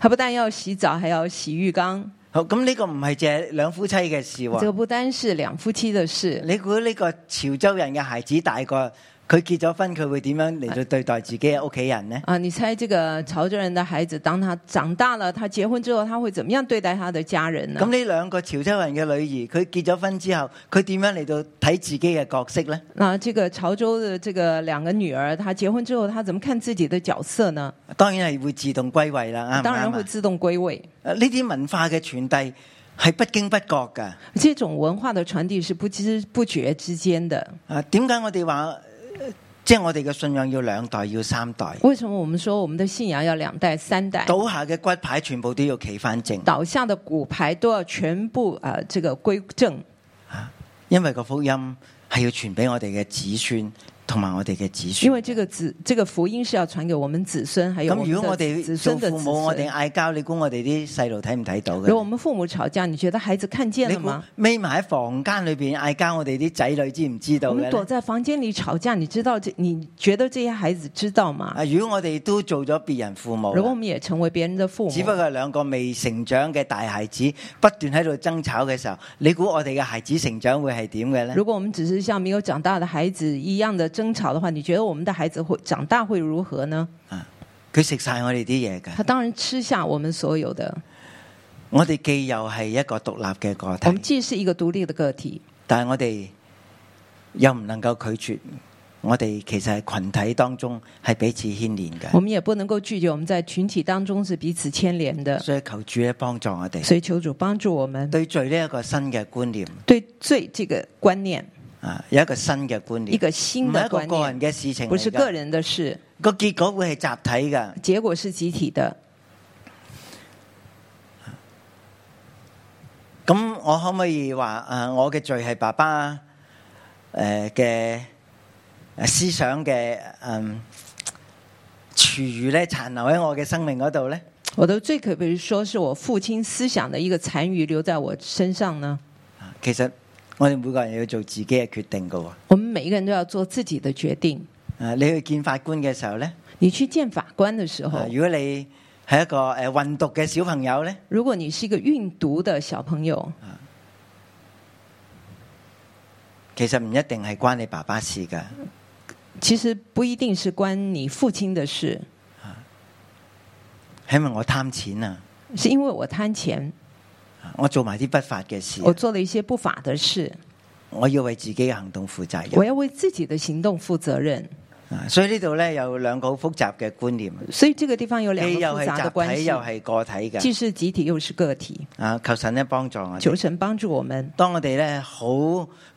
[SPEAKER 2] 佢不但要洗澡，還要洗浴缸。好，咁呢個唔係淨係兩夫妻嘅事，啊。呢個
[SPEAKER 1] 不單是兩夫妻
[SPEAKER 2] 嘅事。你估呢個潮州人嘅孩子大個？佢結咗婚，佢會點樣嚟到對待自己嘅屋企人呢？
[SPEAKER 1] 啊，你猜這個潮州人的孩子，當他長大了，他結婚之後，他會怎麼樣對待他的家人呢？咁呢
[SPEAKER 2] 兩個潮州人嘅女兒，佢結咗婚之後，佢點樣嚟到睇自己嘅角色呢？
[SPEAKER 1] 嗱，這個潮州的這個兩個女兒，她結婚
[SPEAKER 2] 之後，她怎麼看自己的角色呢？當然係會自動歸位啦。當然會自動歸位。誒，呢啲文化嘅傳遞係不經不覺噶。這種文化的傳遞是不知不覺之間的。啊，點解我哋話？即係我哋嘅信仰要兩代要三代，
[SPEAKER 1] 為什麼我們說我們的信仰要兩代三代？倒
[SPEAKER 2] 下嘅骨牌全部都要企翻正，倒下嘅骨牌都要全部誒、啊，這個歸正。因為個福音係要傳俾我哋嘅子孫。同埋我哋嘅子孫，因為這個子，
[SPEAKER 1] 這個福音是要傳給我們子孫，還有咁。如果我哋做父母，我哋嗌
[SPEAKER 2] 交，你估我哋啲細路睇唔睇到嘅？如果我們父母吵架，你覺得孩子看見了嗎？匿埋喺房間裏邊嗌交，我哋啲仔女知唔知道咁，我哋躲在房間裏吵架，你知道？你覺得這些孩子知道嗎？如果我哋都做咗別人父母，如果我們也成為別人的父母，只不過係兩個未成長嘅大孩子，不斷喺度爭吵嘅時候，你估我哋嘅孩子成長會係點嘅咧？如果
[SPEAKER 1] 我們只是像沒有長大的孩子一樣嘅。爭吵的話，你覺得我們的孩子會長大會如何呢？啊，
[SPEAKER 2] 佢食晒我哋啲嘢嘅，
[SPEAKER 1] 他當然吃下我們所有的。
[SPEAKER 2] 我哋既又係一個獨立嘅個體。我
[SPEAKER 1] 們既是一個獨立的個體，
[SPEAKER 2] 但係我哋又唔能夠拒絕。我哋其實係群體當中係彼此牽連嘅。我
[SPEAKER 1] 們也不能夠拒絕，我們在群體當中是彼此牽連的。所以
[SPEAKER 2] 求主咧幫助我哋。所以求主幫助我們。對罪呢一個新嘅觀念。對罪，這個觀念。有一個新嘅觀念，唔係一,一個個人嘅事情，不是個人的事，個結果會係集體嘅。結果是集體的。咁我可唔可以話誒、呃，我嘅罪係爸爸誒嘅、呃、思想嘅嗯廚餘咧，殘留喺我嘅生命嗰度咧？我都最譬如說是
[SPEAKER 1] 我父親思想的一個殘餘留在我身上呢。
[SPEAKER 2] 其實。我哋每個人要做自己嘅決定噶。我們每一個人都要做自己嘅決定。啊，你去見法官嘅時候呢？你去見法官嘅時候。如果你係一個誒運毒嘅小朋友呢？如果你是一個運毒嘅小朋友。其實唔一定係關你爸爸的事噶。其實
[SPEAKER 1] 不一定是關你父親嘅事。
[SPEAKER 2] 係咪我貪錢啊？
[SPEAKER 1] 是因為我貪錢啊。
[SPEAKER 2] 我做埋啲不法嘅事。我做了一些不法嘅事。我要為自己嘅行動負責任。我
[SPEAKER 1] 要為自己的行動負責任。
[SPEAKER 2] 啊，所以呢度咧有兩個好複雜嘅觀念。所
[SPEAKER 1] 以這個地方有兩個複雜嘅關係，又係
[SPEAKER 2] 個體嘅，既是
[SPEAKER 1] 集體又是個體。
[SPEAKER 2] 啊，求神咧幫助我哋，求神幫助我們。當我哋咧好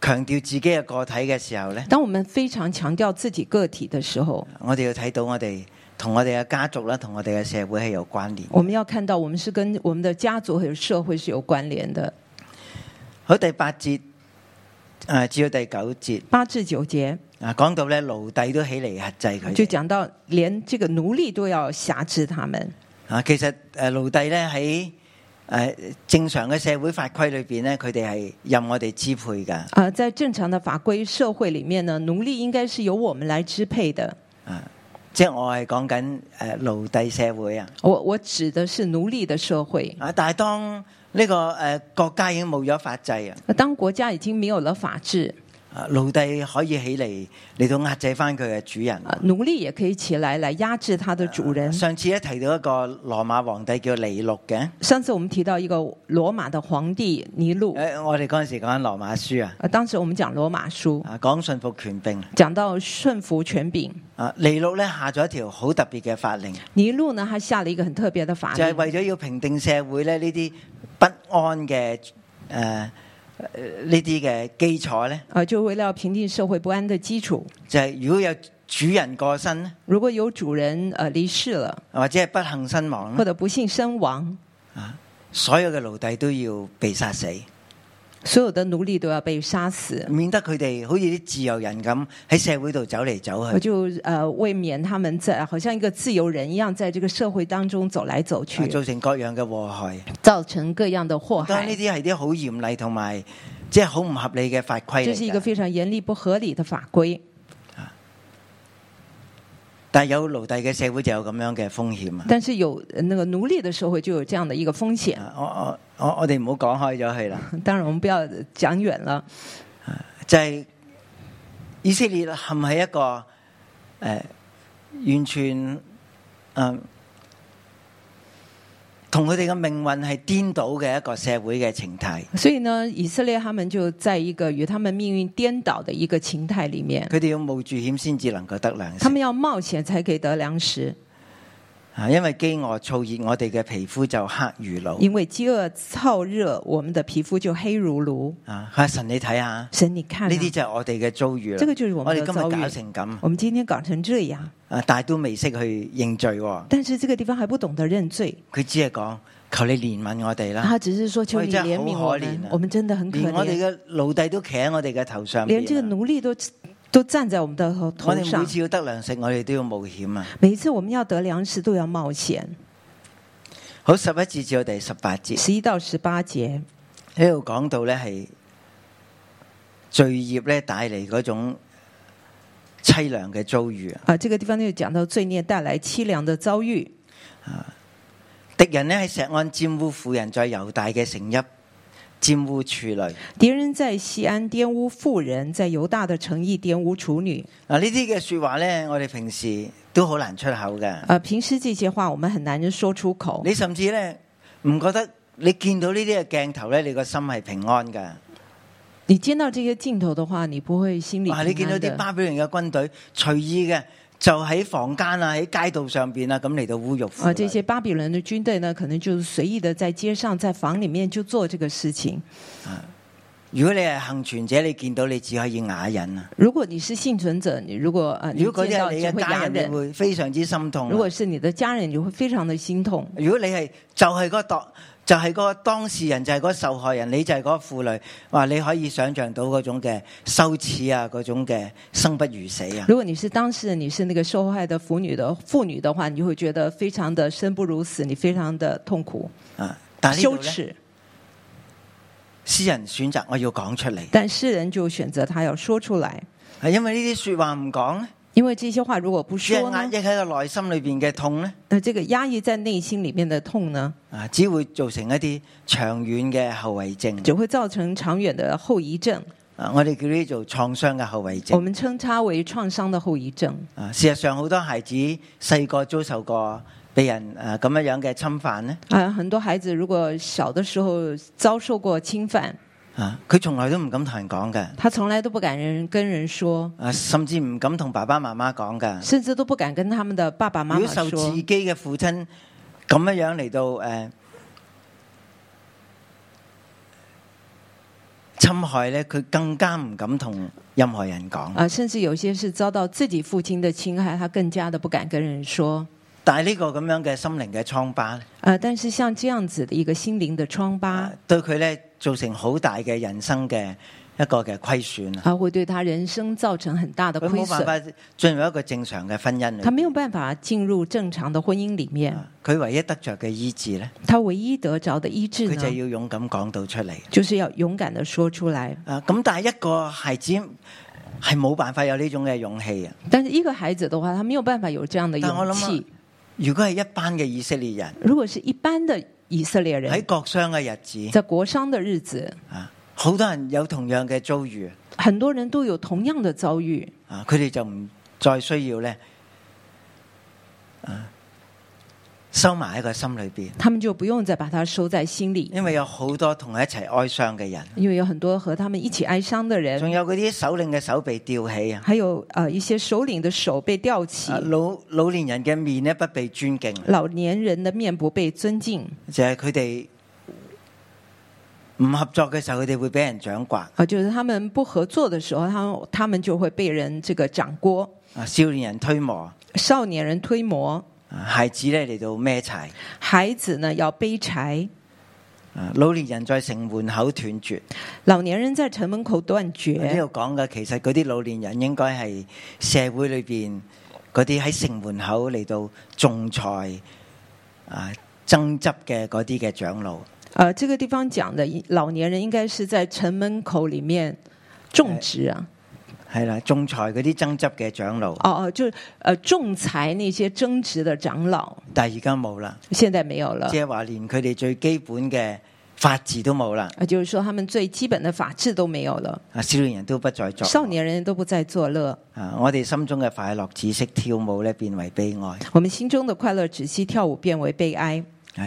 [SPEAKER 2] 強調自己嘅個體嘅時候咧，當我們非常強調自己個體嘅時候，我哋要睇到我哋。同我哋嘅家族啦，同我哋嘅社會係有關聯。
[SPEAKER 1] 我們要看到，我們是跟我們的家族和社會是有關聯的。好，第八節，
[SPEAKER 2] 誒、啊，至到第九節。八至九節啊，講到咧奴隸都起嚟壓制佢。就講到連這個奴隸都要轄制他們啊。其實誒、啊，奴隸咧喺誒正常嘅社會法規裏邊咧，佢哋係任我哋支配噶。啊，
[SPEAKER 1] 在正常嘅法規社會裏面呢，奴隸應該是由我們來支配的。啊。
[SPEAKER 2] 即係我係講緊誒奴隸社會啊！我我指的是奴隸的社會啊！但係當呢個誒國家已經冇咗法制啊！當國家已經沒有咗法制。奴隸可以起嚟嚟到壓制翻佢嘅主人。奴隸也可以起來來壓制他的主人。上次一提到一個羅馬皇帝叫尼禄嘅。上次我們提到一個羅馬的皇帝尼禄。誒，我哋嗰陣時講緊《羅馬書》啊。當時我們講《羅馬書》。講順服權柄。講到順服權柄。啊，尼禄咧下咗一條好特別嘅法令。
[SPEAKER 1] 尼禄呢，他下了一個很特別的法令，就係
[SPEAKER 2] 為咗要平定社會咧呢啲不安嘅誒。呃呢啲嘅基礎咧，啊，就為了要平定社會不安的基礎。就係如果有主人過身咧，如果有
[SPEAKER 1] 主人啊離世了，或者係不幸身亡咧，或者不幸身亡，啊，
[SPEAKER 2] 所有嘅奴隸都要被殺死。所有的奴隸都要被殺死，免得佢哋好似啲自由人咁喺社會度走嚟走去。我就
[SPEAKER 1] 誒、呃，為免他們在，好像一個自由人一樣，在這個社會當中走來走去，造
[SPEAKER 2] 成各樣嘅禍害，造成
[SPEAKER 1] 各樣的禍害。但呢啲
[SPEAKER 2] 係啲好嚴厲同埋，即係好唔合理嘅法規。這是一個非
[SPEAKER 1] 常嚴厲不合理的法規。
[SPEAKER 2] 但係有奴隸嘅社會就有咁樣嘅風險啊！但
[SPEAKER 1] 是有那個奴隸的社會就有這樣的一個風
[SPEAKER 2] 險。我我我我哋唔好講開咗佢啦，當然我們不要講遠啦。就係以色列係唔係一個誒、呃、完全嗯。呃同佢哋嘅命運係顛倒嘅一個社會嘅情態，
[SPEAKER 1] 所以呢，以色列他們就在一個與他們命運顛倒的一個情態裏面，
[SPEAKER 2] 佢哋要冒住險先至能夠得糧食，
[SPEAKER 1] 他們要冒險才可以得糧食。
[SPEAKER 2] 啊，因為飢餓燥熱，我哋嘅皮膚就黑如爐。因
[SPEAKER 1] 為飢餓燥熱，我們的皮膚就黑如爐。
[SPEAKER 2] 如啊，神你睇下，神你看，啊，呢啲就係我哋嘅遭遇。這個就是我哋嘅遭遇。我哋今日搞成咁。我哋今天搞
[SPEAKER 1] 成這樣。這
[SPEAKER 2] 樣啊，但都未識去認罪，啊。但是呢個地方還不懂得認罪。佢只係講，求你憐憫我哋啦。他只
[SPEAKER 1] 是說求你憐憫我哋我，我
[SPEAKER 2] 們真的很可憐，啊。連我哋嘅奴隸都企喺我哋嘅頭上。連這個
[SPEAKER 1] 奴隸都。都站在我們的頭上。我們每次
[SPEAKER 2] 要得糧食，我哋都要冒險啊！
[SPEAKER 1] 每次我們要得糧食，都要冒險。
[SPEAKER 2] 好，十一節至到第十八節。十一到十八節喺度講到呢係罪孽咧帶嚟嗰種淒涼嘅遭遇啊！啊，這個地方就講到罪孽帶來淒涼嘅遭遇啊！敵人呢喺錫安玷污婦人，在猶大嘅城邑。玷污處女，敵人在錫安玷污婦人，在猶大的城邑玷污處女。嗱，呢啲嘅說話呢，我哋平時都好難出口嘅。誒，平時這些話我們很難說出口。你甚至呢，唔覺得你到鏡頭，你見到呢啲嘅鏡頭呢，你個心係平安噶？你見到這些鏡頭的話，你不會心裏的？啊，你見到啲巴比倫嘅軍隊隨意嘅。就喺房間啊，喺街道上邊啊，咁嚟到侮辱。啊，這
[SPEAKER 1] 些巴比倫嘅軍隊呢，可能就隨意的在街上、在房裡面就做這個事情。
[SPEAKER 2] 啊，如果你係幸存者，你見到你只可以啞忍啊。
[SPEAKER 1] 如果你是幸存者，你如果啊，如果你嘅家人，你會
[SPEAKER 2] 非常之心痛。如果是你的家人，你會非常的心痛，啊。如果你係就係嗰度。就係嗰個當事人，就係、是、嗰受害人，你就係嗰婦女，話你可以想象到嗰種嘅羞恥啊，嗰種嘅生不如死啊。如果
[SPEAKER 1] 你是當事人，你是那個受害的婦女的婦女的話，你就會覺得非常的生不如死，你非常的痛苦
[SPEAKER 3] 啊，但羞恥恥。
[SPEAKER 2] 私人選擇我要講出嚟，但私人就選擇他要說出來，係因為呢啲說話唔講咧。因為這些話如果不說呢，壓抑喺內心裏面嘅痛呢？這個壓抑在內心裏面的痛呢？啊，只會造成一啲長遠嘅後遺症，就會造成長遠的後遺症。啊，我哋叫呢做創傷嘅後遺症。我們稱它為創傷的後遺症。啊，事實上好多孩子細個遭受過被人誒咁樣樣嘅侵犯呢。
[SPEAKER 1] 啊，很多孩子如果小的時候遭受過侵犯。
[SPEAKER 2] 佢從來都唔敢同人講嘅。他
[SPEAKER 1] 從來都不敢跟人不敢跟人說。
[SPEAKER 2] 啊，甚至唔敢同爸爸媽媽講嘅。
[SPEAKER 1] 甚至都不敢跟他們的爸爸媽媽說。如果受自
[SPEAKER 2] 己嘅父親咁樣樣嚟到誒、呃、侵害咧，佢更加唔敢同任何人講。啊，甚
[SPEAKER 1] 至有些是遭到自己父親的侵害，他更加的不
[SPEAKER 2] 敢跟人說。但係呢個咁樣嘅心靈嘅瘡疤。啊，但是像這樣子的一個心靈的瘡疤，啊、對佢咧。造成好大嘅人生嘅一個嘅虧損啊！
[SPEAKER 1] 會對他人生造成很大的虧損。佢冇辦法
[SPEAKER 2] 進入一個正常嘅婚姻。佢沒
[SPEAKER 1] 有辦法進入正常的婚姻裡面。
[SPEAKER 2] 佢唯一得着嘅醫治咧？
[SPEAKER 1] 他唯一得
[SPEAKER 2] 着嘅醫治，佢就要勇敢講到出嚟，就是要勇敢的說出來。啊，咁但係一個孩子係冇辦法有呢種嘅勇氣啊！
[SPEAKER 1] 但係一個孩子的話，他沒有辦法有
[SPEAKER 2] 這樣的勇氣。如果係一般嘅以色列人，如果是一般的。嗯以色列人喺國商嘅日子，就國商嘅日子啊，好多人有同樣嘅遭遇，很多人都有同樣嘅遭遇啊，佢哋就唔再需要咧啊。收埋喺個心裏邊，
[SPEAKER 1] 他們就不用再把它收在心裏。
[SPEAKER 2] 因為有好多同佢一齊哀傷嘅人，
[SPEAKER 1] 因為有很多和他們一起哀傷的人，仲
[SPEAKER 2] 有嗰啲首領嘅手被吊起啊！還有啊，一些首領的手被吊起。老老年人嘅面呢，不被尊敬，老
[SPEAKER 1] 年人的面
[SPEAKER 2] 不被尊敬，就係佢哋唔合作嘅時候，佢哋會俾人掌摑。
[SPEAKER 1] 啊，就是他們不合作的時候，他們，人他，們的他們就會被人這個掌摑。
[SPEAKER 2] 啊，少年人推磨，少年人推磨。孩子咧嚟到孭柴，孩子呢要背柴。老年人在城門口斷絕，老年人在城門口斷絕。我呢度講嘅，其實嗰啲老年人應該係社會裏邊嗰啲喺城門口嚟到仲裁、啊、爭執嘅嗰啲嘅長老。
[SPEAKER 1] 啊、呃，這個地方講嘅老年人應該是在城門口裏面種
[SPEAKER 2] 植啊。呃係啦，仲裁嗰啲爭執嘅長老。哦哦，就誒，仲裁那些爭執的長老。但係而家冇啦，現在沒有了。即係話，連佢哋最基本嘅法治都冇啦。
[SPEAKER 1] 啊，就是說，他們最基本的法治都沒有了。
[SPEAKER 2] 啊，少年人都不再作，少
[SPEAKER 1] 年人都不再作樂。
[SPEAKER 2] 啊，我哋心中嘅快樂止息跳舞咧，變為悲哀。我們心中的快樂止息跳舞，變為悲哀。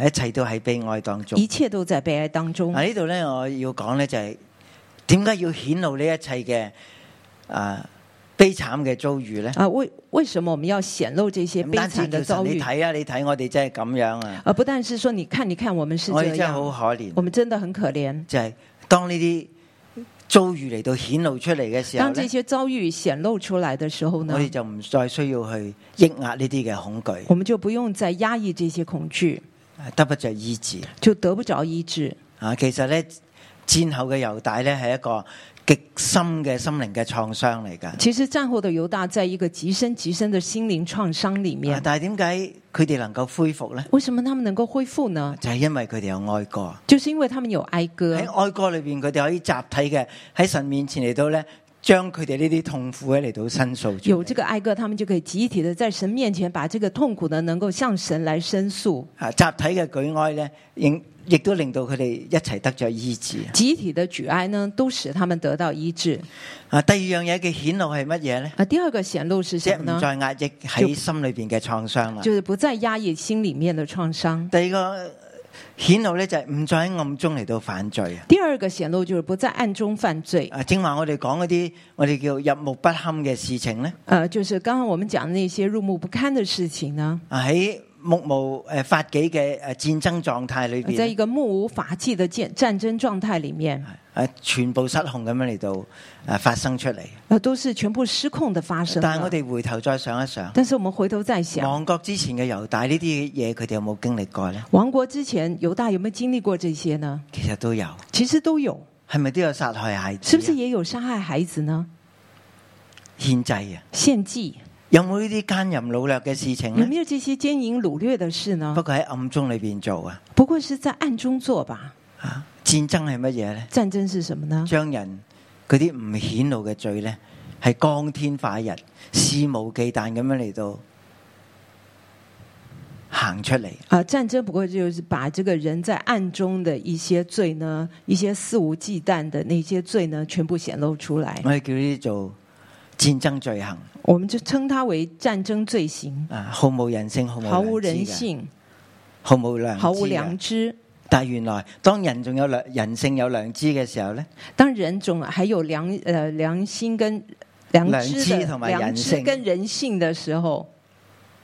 [SPEAKER 2] 一切都喺悲哀當中，一切都在悲哀當中。喺呢度咧，我要講咧就係、是，點解要顯露呢一切嘅？啊！悲慘嘅遭遇咧啊，為為什麼我們要顯露這些悲慘嘅遭遇？你睇啊，你睇我哋真係咁樣啊！
[SPEAKER 1] 啊，不但是說，你看，你看，我們是，我哋真係好可憐，我
[SPEAKER 2] 們真的很可憐。可憐就係當呢啲遭遇嚟到顯露出嚟嘅時候，當呢啲
[SPEAKER 1] 遭遇顯露出嚟嘅時候呢？我哋
[SPEAKER 2] 就唔再需要去抑壓呢啲嘅恐懼，我們就不用再壓抑這些恐懼，得不著醫治，就得不著醫治。啊，其實咧，戰後嘅猶大咧係一個。極深嘅心靈嘅創傷嚟㗎，其
[SPEAKER 1] 實戰後的猶大在一個極深極深嘅心靈創傷
[SPEAKER 2] 裏面。啊、但係點解佢哋能夠恢復呢？為什麼他們能夠恢復呢？就係因為佢哋有哀歌，就是因為他們有哀歌喺哀、哀歌裏邊，佢哋可以集體嘅喺神面前嚟到呢，將佢哋呢啲痛苦咧嚟到申訴，有這個哀歌，他們就可以集體的在神面
[SPEAKER 1] 前把這個痛苦呢，能夠向神來申訴。啊，集體嘅舉哀咧，亦亦
[SPEAKER 2] 都令到佢哋一齊得咗醫治。集體的舉哀呢，都使他們得到醫治。啊，第二樣嘢嘅顯露係乜嘢咧？啊，第二個顯露是咩呢？即係唔再壓抑喺心裏邊嘅創傷啦，就是
[SPEAKER 1] 不再壓抑心裏面的創傷。第二個。
[SPEAKER 2] 顯露咧就係唔再喺暗中嚟到犯罪。
[SPEAKER 1] 第二個顯露就是不再暗中犯罪。犯
[SPEAKER 2] 罪啊，正話我哋講嗰啲我哋叫入目不堪嘅事情咧。
[SPEAKER 1] 誒、啊，就是剛剛我們講那些入目不堪的事情呢？
[SPEAKER 2] 喺目無誒法紀嘅誒戰爭狀態裏邊，在一
[SPEAKER 1] 個目無法紀的戰戰爭狀態裏面，
[SPEAKER 2] 誒全部失控咁樣嚟到，誒發生出嚟，啊都是全部失控的發生。但係我哋回頭再想一想，但
[SPEAKER 1] 是我們回頭再
[SPEAKER 2] 想，亡國之前嘅猶大呢啲嘢，佢哋有冇經歷過呢？
[SPEAKER 1] 亡國之前猶大有冇經歷過這些呢？
[SPEAKER 2] 其實都有，其實都有，係咪都有殺害孩子？是不是
[SPEAKER 1] 也有殺害
[SPEAKER 2] 孩子呢？獻祭啊，獻祭。有冇呢啲奸淫擄掠嘅事情，有冇有這些奸淫擄掠嘅事情呢？不過喺暗中裏邊做啊。不過是在暗中做吧。啊，戰爭係乜嘢咧？戰爭是什麼呢？麼呢將人嗰啲唔顯露嘅罪咧，係光天化日、肆無忌憚咁樣嚟到行出嚟。
[SPEAKER 1] 啊，戰爭不過就是把這個人在暗中嘅一些罪呢，一些肆無忌憚嘅那些罪呢，全部顯露出嚟。
[SPEAKER 2] 我哋叫呢啲做。戰爭罪行，
[SPEAKER 1] 我們就稱它為戰爭罪行。啊，好
[SPEAKER 2] 無人好無毫無人性，毫無人性，毫無良，毫無良知。但係原來當人仲有良人性有良知嘅時候呢？當人仲
[SPEAKER 1] 還有良誒良心跟良知嘅良，良知跟人性嘅時候，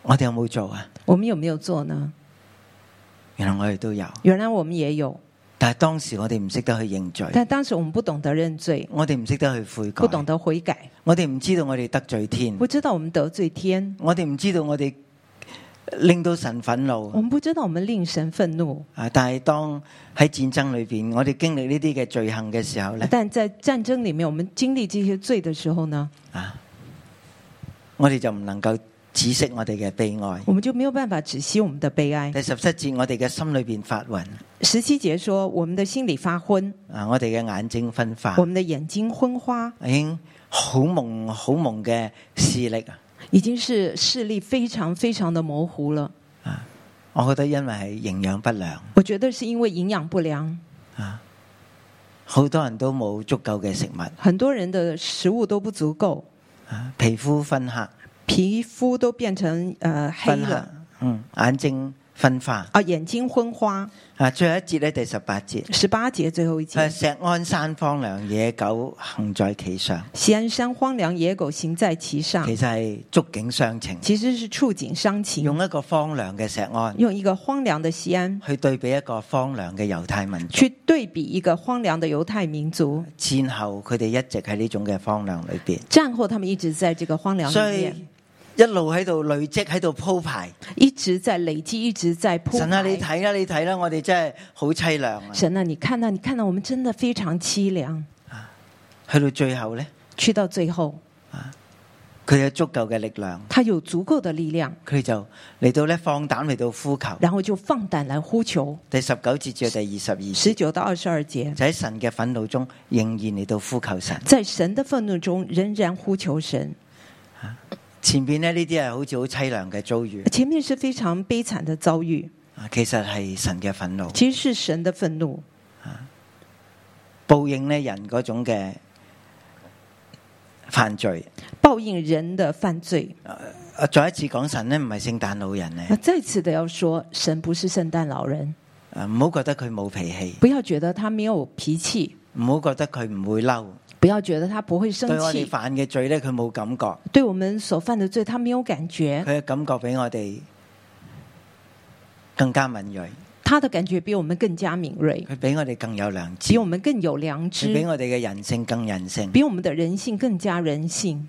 [SPEAKER 2] 我哋有冇做啊？
[SPEAKER 1] 我們有沒有做呢？
[SPEAKER 2] 原來我哋都有，
[SPEAKER 1] 原來我們也
[SPEAKER 2] 有。但係當時我哋唔識得去認罪。但係
[SPEAKER 1] 當時我們不懂得認罪。
[SPEAKER 2] 我哋唔識得去悔改。不懂得悔改。不懂悔改，我哋唔知道我哋得罪天。不知道我們得罪天。我哋唔知道我哋令到神憤怒。我們
[SPEAKER 1] 不知道我們令神憤怒。
[SPEAKER 2] 但係當喺戰爭裏面，我哋經歷呢啲嘅罪行嘅時候咧。
[SPEAKER 1] 但在戰爭裏面，我們經歷這些罪的時候呢？啊！
[SPEAKER 2] 我哋就唔能夠。止息我哋嘅悲哀，我們就沒有辦法止息我們的悲哀。第十七節，我哋嘅心裏邊發暈。十七節說，我們的心裏發昏啊，我哋嘅眼睛昏花。我們的眼睛昏花，已經好蒙好蒙嘅視力，已經是視力非常非常的模糊了。啊，我覺得因為係營養不良，
[SPEAKER 1] 我覺得是因為營養不良啊，
[SPEAKER 2] 好多人都冇足夠嘅食物，很多人的食物都不足夠啊，皮膚昏黑。皮膚都變成，誒、呃，黑啦、嗯，眼睛昏花，
[SPEAKER 1] 啊，眼睛昏花，
[SPEAKER 2] 啊，最後一節咧，第十八節，十八節最後一節，石安山荒涼野狗行在其上，西安山荒涼野狗行在其上，其實係觸景傷情，其實是觸景傷情，用一個荒涼嘅石安，用一個荒涼的西安去對比一個荒涼嘅猶太民族，去對比一個荒涼嘅猶太民族，戰後佢哋一直喺呢種嘅荒涼裏邊，戰後他們一直在這個荒涼裏面。一路喺度累積，喺度鋪排，一直在累積，一直在鋪。神啊，你睇啦，你睇啦，我哋真係好淒涼啊！神
[SPEAKER 1] 啊，你看到，你看到，我們真的非常淒涼啊！
[SPEAKER 2] 去到最後呢，去到最後，啊，佢有足夠嘅力量，他有足夠嘅力量，佢就嚟到咧放膽嚟到呼求，然後就放膽嚟呼求。第十九節至第二十二節，十九到二十二節，就喺神嘅憤怒中仍然嚟到呼求神，
[SPEAKER 1] 在神嘅憤
[SPEAKER 2] 怒中仍然呼求神。前邊咧呢啲係好似好淒涼嘅遭遇。前面是非常悲慘的遭遇。啊，其實係神嘅憤怒。其實是神的憤怒。報應咧人嗰種嘅犯罪。報應人的犯罪。啊，再一次講，神呢唔係聖誕老人我，啊、
[SPEAKER 1] 再次都要說，神不是聖誕老人。
[SPEAKER 2] 啊，唔好覺得佢冇脾氣。不要覺得他沒有脾氣。唔好覺得佢唔會嬲。不要覺得他不會生氣。對我哋犯嘅罪咧，佢冇感覺。
[SPEAKER 1] 對我們所犯的罪，他沒有感覺。佢
[SPEAKER 2] 嘅感覺比我哋更加敏銳。
[SPEAKER 1] 他的感覺比我們更加敏銳。
[SPEAKER 2] 他比我哋更有良知，他比我們更有良知。比我哋嘅人性更人性，比我們的人性更加人性。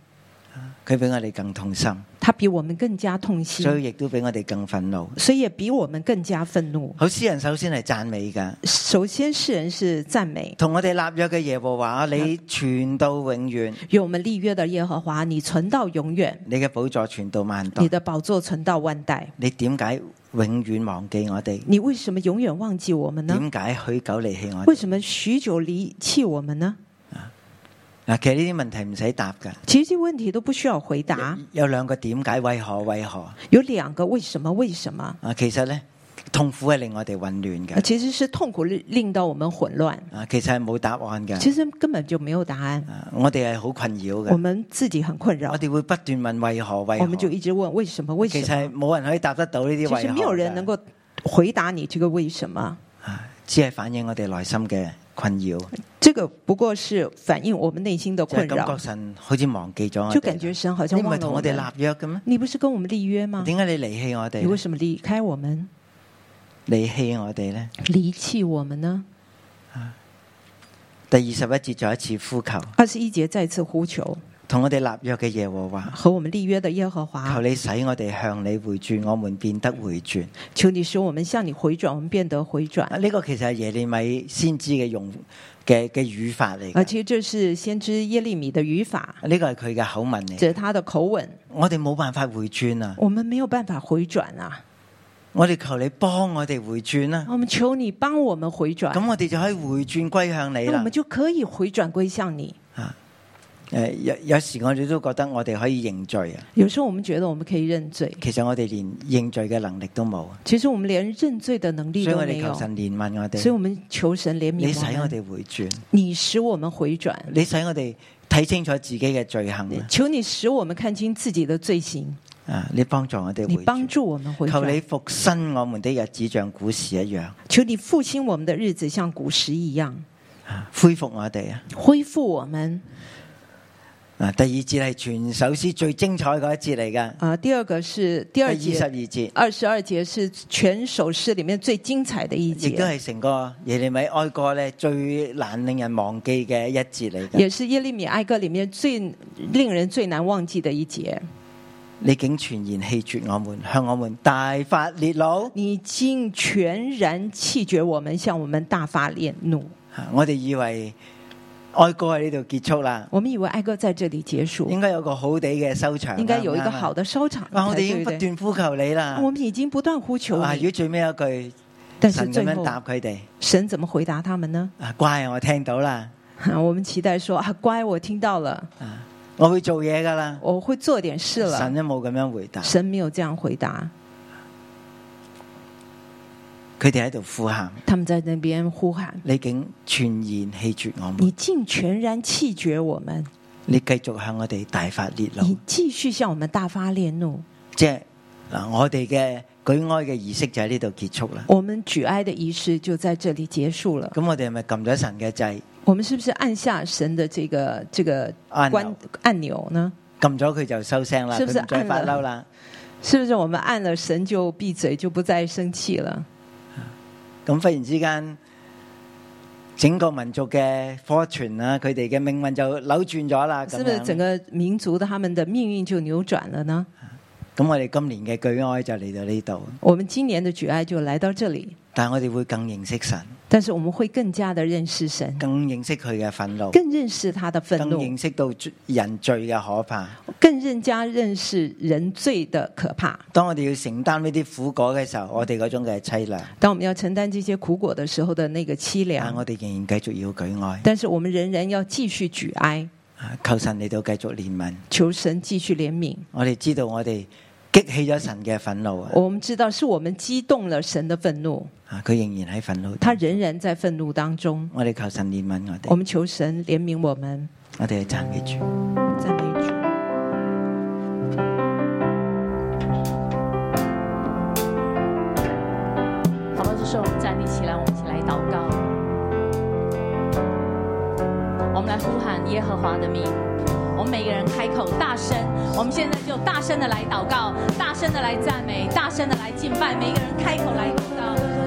[SPEAKER 2] 佢比我哋更痛心，他比我們更加痛心。所以亦都比我哋更憤怒，
[SPEAKER 1] 所以也比我們更加憤怒。好，
[SPEAKER 2] 詩人首先係讚美噶，首先詩人是讚美。同我哋立約嘅耶和華，你存到永遠。與我們立約的耶和華，你存到永遠。的你嘅寶座存到萬代，你的寶座存到萬代。你點解永遠忘記我哋？你為什麼永遠忘記我們呢？點解許久離棄我哋？為
[SPEAKER 1] 什麼許久離棄我們呢？
[SPEAKER 2] 其實呢啲問題唔使答噶。其實問題都不需要回答。有兩個點解？為何？為何？有兩個為什麼？為什麼？啊，其實咧，痛苦係令我哋混亂嘅。其實是痛苦令到我們混亂。啊，其實係冇答案嘅。其實根本就沒有答案。我哋係好困擾嘅。我們自己很困擾。我哋會不斷問為何？為何？我們就一直問為什麼？為什麼？其實係冇人可以答得到呢啲問題。其實沒有人能夠回答你這個為什麼。啊，只係反映我哋內心嘅。困擾，這個不過是反映我們內心的困擾。就感覺神好似忘記咗，就感覺神好像了我，你唔係同我哋立約嘅咩？你不是跟我們立約嗎？點解你離棄我哋？你為什麼離開我們？離棄我哋呢？離棄我們呢？們呢，第二十一節再一次呼求。
[SPEAKER 1] 二十一節再次
[SPEAKER 2] 呼求。同我哋立約嘅耶和華，和我們立約嘅耶和華，求你使我哋向你回轉，我們便得回轉。求你使我們向你回轉，我們便得回轉。呢、啊這個其實係耶利米先知嘅用嘅嘅語法嚟。嘅、啊，而且就是先知耶利米嘅語法。呢個係佢嘅口吻嚟。即係他的口吻。我哋冇辦法回轉啊！我哋冇辦法回轉啊！我哋、啊、求你幫我哋回轉啊。」我哋求你幫我們回轉。咁我哋就可以回轉歸向你啦。我們就可以回轉歸向你。誒、呃，有有時我哋都覺得我哋可以認罪啊！有時候我們覺得我們可以認罪，其實我哋連認罪嘅能力都冇。
[SPEAKER 1] 其實我們連認罪的能力都沒有。所以我哋求神
[SPEAKER 2] 憐憫我哋。所以我們
[SPEAKER 1] 求神憐憫。你使我哋
[SPEAKER 2] 回轉。
[SPEAKER 1] 你使我們回轉。你使
[SPEAKER 2] 我哋睇清楚自己嘅罪行。
[SPEAKER 1] 求你使我們看清自己的罪行。
[SPEAKER 2] 啊！你幫助我哋回。幫助
[SPEAKER 1] 我們回。你，我們求你復
[SPEAKER 2] 興我們的日子，像古時一樣。求你復
[SPEAKER 1] 興我們的日
[SPEAKER 2] 子，像古時一樣。恢復我哋。
[SPEAKER 1] 恢復我們。
[SPEAKER 2] 啊！第二節係全首詩最精彩嗰一節嚟噶。啊，
[SPEAKER 1] 第二個是
[SPEAKER 2] 第二節二十二節，
[SPEAKER 1] 二十二節是全首詩裏面最精彩嘅一節。亦都係
[SPEAKER 2] 成個耶利米哀歌咧最難令人忘記嘅一節嚟噶。也是
[SPEAKER 1] 耶利米哀歌裏面最令人最難忘記嘅一節。人
[SPEAKER 2] 一節你竟全然棄絕我們，向我們大發烈怒。你竟全然棄絕我們，向我們大發烈怒。我哋以為。哀歌喺呢度結束啦，我們以為哀歌在這裏結束，應該有個好啲嘅收場，應該有一個好的收場。我哋已經不斷呼求你啦，我們
[SPEAKER 1] 已經不斷呼求了。如果最尾一句，但神咁樣答佢哋，神怎麼回答他們呢？
[SPEAKER 2] 乖，我聽到啦，我們
[SPEAKER 1] 期待說啊，乖，我聽到了，我會做嘢㗎啦，我會做點事啦。神都冇咁樣回答，神沒有這樣回答。
[SPEAKER 2] 佢哋喺度呼喊，
[SPEAKER 1] 他們在那邊
[SPEAKER 2] 呼喊。你竟全然棄絕我們，你竟全然棄絕我們。你繼續向我哋大發烈怒，你
[SPEAKER 1] 繼續向我們大發烈怒。們
[SPEAKER 2] 怒即係嗱、啊，我哋嘅舉哀嘅儀式就喺呢度結束啦。我們舉哀嘅儀式就在呢度結束了。咁我哋係咪撳咗神嘅掣？
[SPEAKER 1] 我們是不是按，按下神嘅這個這個按按鈕呢？
[SPEAKER 2] 撳咗佢就收聲啦，是不是不再發嬲啦？
[SPEAKER 1] 是不是我們
[SPEAKER 2] 按了神就閉嘴就不再生氣了？咁忽然之間，整個民族嘅 fortune 啊，佢哋嘅命運就扭轉咗啦。是不是整個民族的他們的命運就扭轉了呢？咁我哋今年嘅舉哀就嚟到呢度。我們今年的舉哀就來到這裡，們到這裡，但係我哋會更認識神。但是我們會更加的認識神，更認識佢嘅憤怒，更認識他的憤怒，更認識到人罪嘅可怕，更更加認識人罪的可怕。當我哋要承擔呢啲苦果嘅時候，我哋嗰種嘅淒涼。
[SPEAKER 1] 當我們要承擔這些苦果的時候的那
[SPEAKER 2] 個淒涼。但我哋仍然繼續要舉哀，但是我們仍然要繼續舉哀。求神你都繼續憐憫，求神繼續憐憫。憐我哋知道我哋激起咗神嘅憤怒，我們知道是我們激動了神的憤怒。啊！佢仍然喺憤怒，他仍然
[SPEAKER 1] 在憤怒，怒當中。
[SPEAKER 2] 我哋求神憐憫我哋，
[SPEAKER 1] 我們求神憐憫我們。
[SPEAKER 2] 我哋讚美主，
[SPEAKER 1] 讚美主。
[SPEAKER 4] 好啦，這時候我們站立起來，我們來禱告。我們來呼喊耶和華的名。
[SPEAKER 5] 我們每個人開口大聲，我們現在就大聲的來禱告，大聲的來讚美，大聲的來敬拜。每一個人開口來禱告。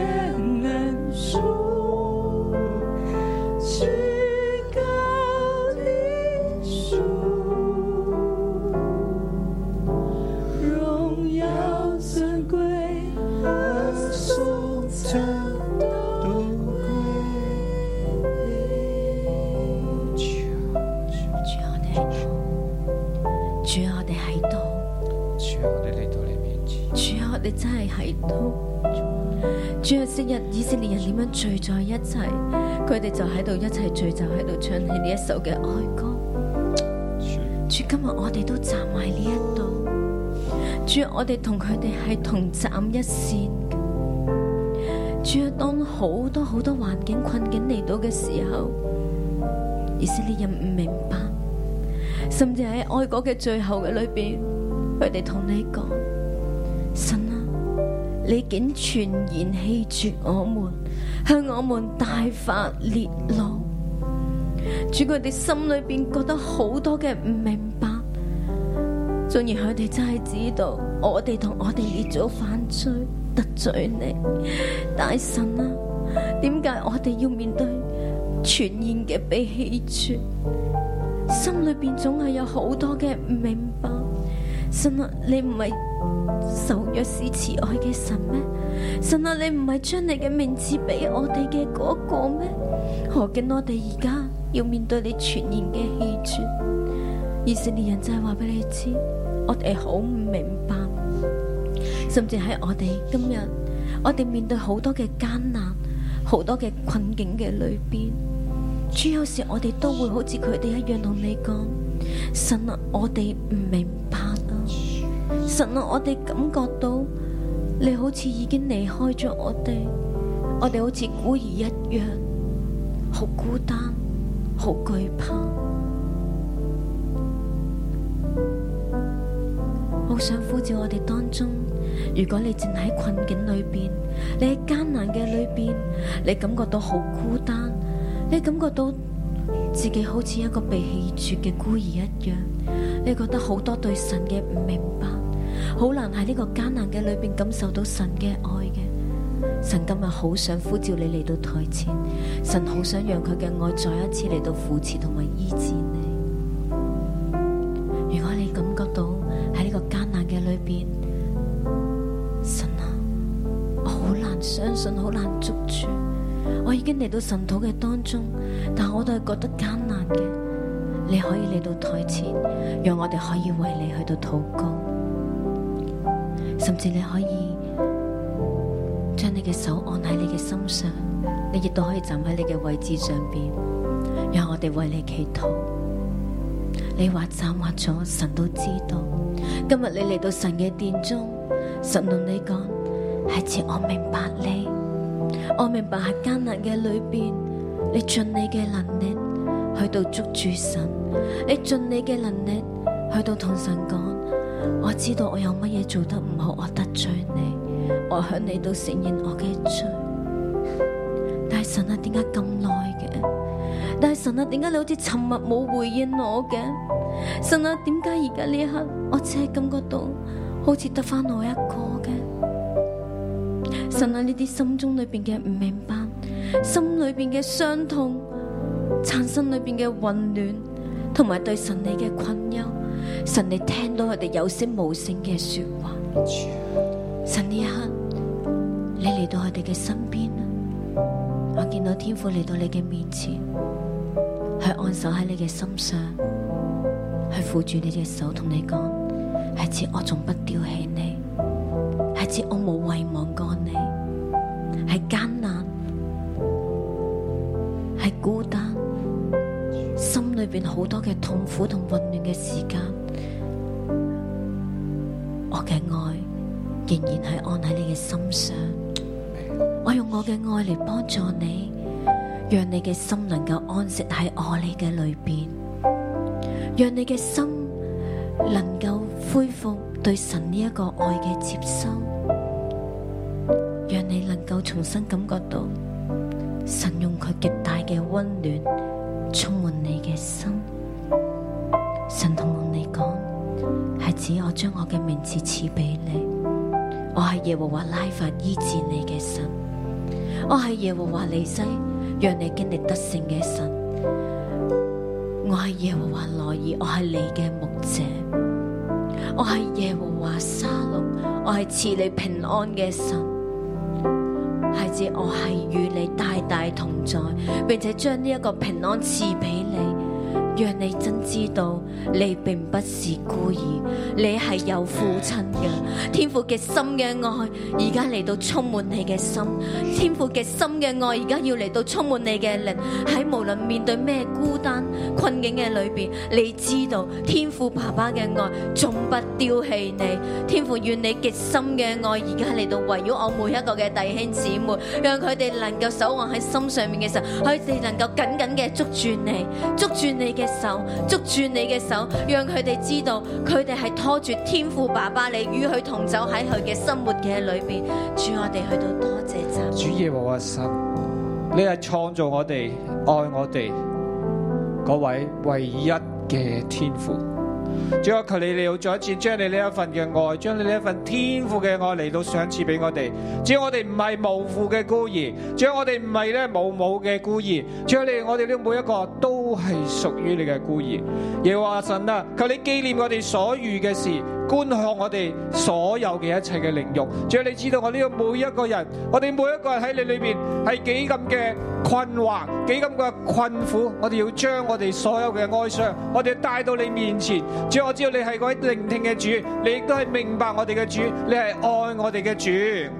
[SPEAKER 4] 齊，佢哋就喺度一齊聚，就喺度唱起呢一首嘅愛歌。主，主今日我哋都站喺呢一度，主我哋同佢哋係同站一線。主，當好多好多環境困境嚟到嘅時候，以色列人唔明白，甚至喺愛歌嘅最後嘅裏邊，佢哋同你講：神啊，你竟全然棄絕我們！向我們大發烈怒。主，佢哋心裏邊覺得好多嘅唔明白，縱然佢哋真係知道我哋同我哋列咗犯罪得罪你，大神啊，點解我哋要面對全然嘅被棄絕？心裏邊總係有好多嘅唔明白，神啊，你唔係。若是慈愛嘅神咩？神啊，你唔係將你嘅名字俾我哋嘅嗰個咩？何竟我哋而家要面對你全然嘅棄絕？以色列人就係話俾你知，我哋好唔明白，甚至喺我哋今日，我哋面對好多嘅艱難、好多嘅困境嘅裏邊，主有時我哋都會好似佢哋一樣同你講：神啊，我哋唔明。神啊，我哋感覺到你好似已經離開咗我哋，我哋好似孤兒一樣，好孤單，好懼怕。好想呼召我哋當中，如果你正喺困境裏邊，你喺艱難嘅裏邊，你感覺到好孤單，你感覺到自己好似一個被棄絕嘅孤兒一樣，你覺得好多對神嘅唔明白。好難喺呢個艱難嘅裏邊感受到神嘅愛嘅，神今日好想呼召你嚟到台前，神好想讓佢嘅愛再一次嚟到扶持同埋醫治你。如果你感覺到喺呢個艱難嘅裏邊，神啊，我好難相信，好難捉住，我已經嚟到神土嘅當中，但我都係覺得艱難嘅。你可以嚟到台前，讓我哋可以為你去到禱告。甚至你可以將你嘅手按喺你嘅心上，你亦都可以站喺你嘅位置上邊，讓我哋為你祈禱。你或站或坐，神都知道。今日你嚟到神嘅殿中，神同你講，係次我明白你。我明白喺艱難嘅裏邊，你盡你嘅能力去到捉住神，你盡你嘅能力去到同神講。我知道我有乜嘢做得唔好，我得罪你，我向你都承認我嘅罪。但係神啊，點解咁耐嘅？但係神啊，點解你好似沉默冇回應我嘅？神啊，點解而家呢一刻，我只係感覺到好似得返我一個嘅？神啊，呢啲心中裏邊嘅唔明白，心裏邊嘅傷痛，產生裏邊嘅混亂，同埋對神你嘅困擾。神你聽到佢哋有聲無聲嘅說話，神呢一刻你嚟到佢哋嘅身邊，我見到天父嚟到你嘅面前，去按手喺你嘅心上，去扶住你嘅手同你講，係似我從不丟棄你，係似我冇遺忘過你，係艱難，係孤單，心裏邊好多嘅痛苦同混亂嘅時間。心我用我嘅愛嚟幫助你，讓你嘅心能夠安息喺我你嘅裏邊，讓你嘅心能夠恢復對神呢一個愛嘅接收，讓你能夠重新感覺到神用佢極大嘅温暖充滿你嘅心，神同我你講係指我將我嘅名字賜俾你。耶和華拉法醫治你嘅神，我係耶和華利西，讓你經歷得勝嘅神，我係耶和華羅以，我係你嘅牧者，我係耶和華沙隆，我係賜你平安嘅神，孩子，我係與你大大同在，並且將呢一個平安賜俾你。讓你真知道，你並不是孤兒，你係有父親嘅，天父極深嘅愛，而家嚟到充滿你嘅心。天父極深嘅愛而家要嚟到充滿你嘅靈，喺無論面對咩孤單困境嘅裏邊，你知道天父爸爸嘅愛從不丟棄你。天父願你極深嘅愛而家嚟到圍繞我每一個嘅弟兄姊妹，讓佢哋能夠守望喺心上面嘅時候，佢哋能夠緊緊嘅捉住你，捉住你嘅。手捉住你嘅手，讓佢哋知道佢哋係拖住天父爸爸你與佢同走喺佢嘅生活嘅裏邊。主，我哋去到多謝站，
[SPEAKER 6] 主耶和華神，你係創造我哋、愛我哋嗰位唯一嘅天父。主啊，求你你要再一次將你呢一份嘅愛，將你呢一份天賦嘅愛嚟到賞賜俾我哋。只要我哋唔係無父嘅孤兒，只要我哋唔係咧無母嘅孤兒，只要你我哋呢每一個都係屬於你嘅孤兒。耶和華神啊，求你紀念我哋所遇嘅事，觀看我哋所有嘅一切嘅靈欲。只要你知道我呢個每一個人，我哋每一個人喺你裏邊係幾咁嘅困惑，幾咁嘅困苦。我哋要將我哋所有嘅哀傷，我哋帶到你面前。只要我知道你係嗰位聆聽嘅主，你亦都係明白我哋嘅主，你係愛我哋嘅主。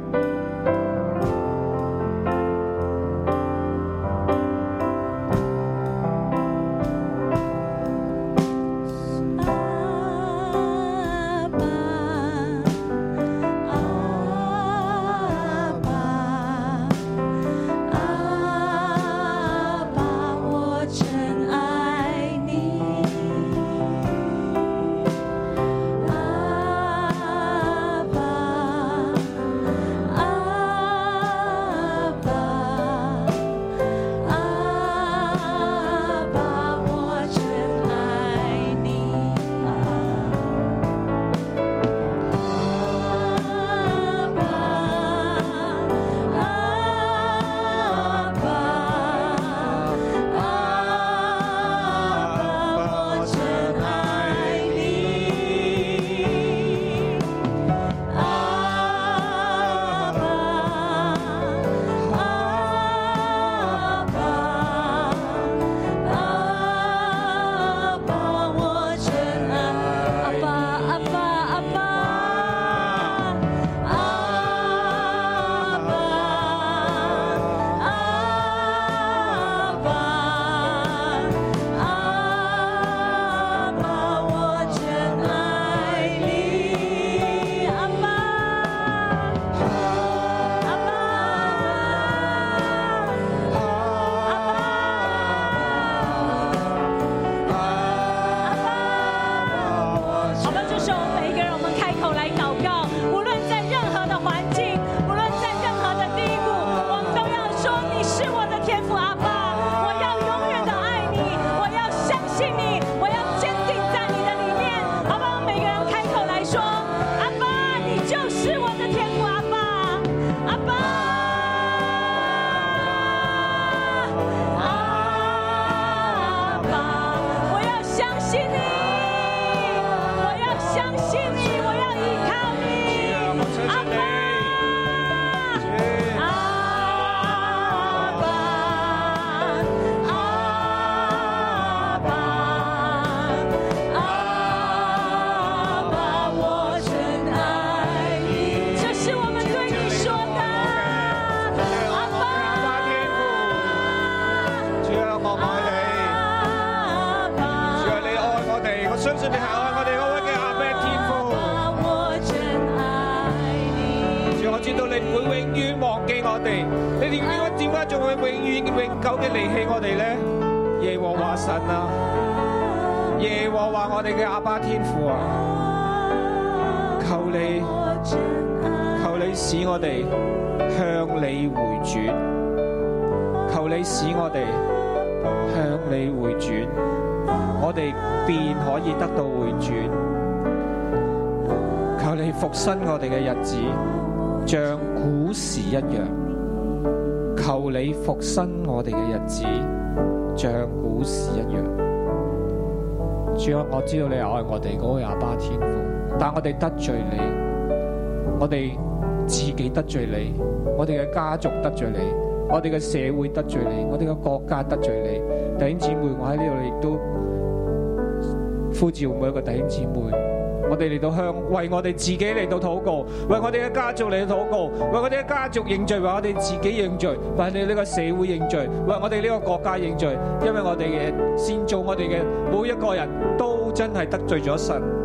[SPEAKER 6] 新我哋嘅日子，像古時一樣，求你復新我哋嘅日子，像古時一樣。主，我知道你是愛我哋嗰個阿爸天父，但我哋得罪你，我哋自己得罪你，我哋嘅家族得罪你，我哋嘅社會得罪你，我哋嘅國家得罪你。弟兄姊妹，我喺呢度亦都呼召每一個弟兄姊妹。我哋嚟到向為我哋自己嚟到禱告，為我哋嘅家族嚟到禱告，為我哋嘅家族認罪，為我哋自己認罪，為我哋呢個社會認罪，為我哋呢個國家認罪，因為我哋嘅先祖，我哋嘅每一個人都真係得罪咗神。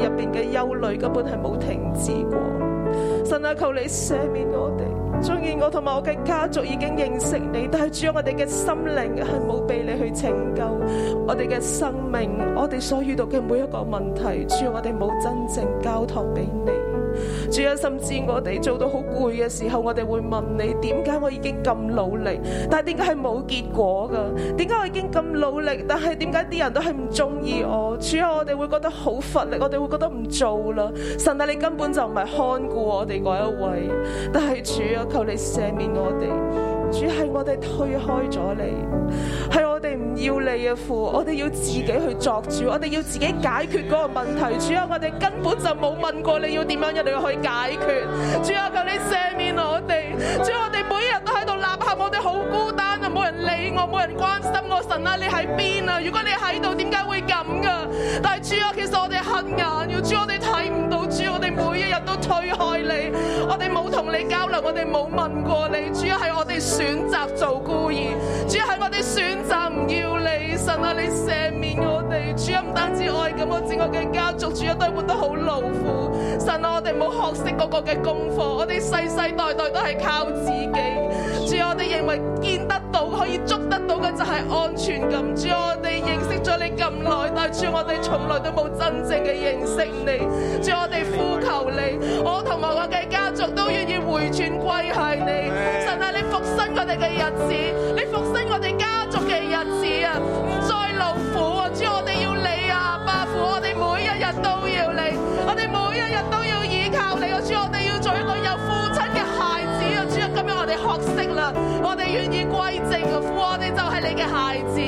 [SPEAKER 3] 入邊嘅憂慮根本係冇停止過，神啊，求你赦免我哋，縱然我同埋我嘅家族已經認識你，但係主，我哋嘅心靈係冇俾你去拯救，我哋嘅生命，我哋所遇到嘅每一個問題，主，我哋冇真正交託俾你。主啊，甚至我哋做到好攰嘅時候，我哋會問你點解我已經咁努力，但係點解係冇結果噶？點解我已經咁努力，但係點解啲人都係唔中意我？主啊，我哋會覺得好乏力，我哋會覺得唔做啦。神啊，你根本就唔係看顧我哋嗰一位。但係主啊，求你赦免我哋。主係我哋推開咗你，係我。要你嘅、啊、父，我哋要自己去作主，我哋要自己解決嗰個問題。主啊，我哋根本就冇問過你要點樣，一定要去解決。主啊，求你赦
[SPEAKER 7] 免我哋。主啊，我哋，我哋每日都喺度吶喊，我哋好孤單啊，冇人理我，冇人關。神啊，你喺邊啊？如果你喺度，點解會咁噶？但係主啊，其實我哋黑眼，要主我哋睇唔到，主我哋每一日都推開你，我哋冇同你交流，我哋冇問過你。主係我哋選擇做孤兒，主係我哋選擇唔要你。神啊，你赦免我哋。主啊，唔單止愛咁，我自我嘅家族，主要都活得好勞苦。神啊，我哋冇學識嗰個嘅功課，我哋世世代代都係靠自己。主，我哋認為見得到可以捉得到嘅就係、是、安全感。主，我哋認識咗你咁耐，但主，我哋從來都冇真正嘅認識你。主，我哋呼求你，我同埋我嘅家族都願意回轉歸向你。哎、神啊，你復興我哋嘅日子，你復興我哋家族嘅日子啊！唔再勞苦。主，我哋要你啊！阿爸父，我哋每一日都要你，我哋每一日都要，靠你啊主，我哋要做一個有父親嘅孩子啊主啊，今日我哋學識啦，我哋願意歸正啊，我哋就係你嘅孩子，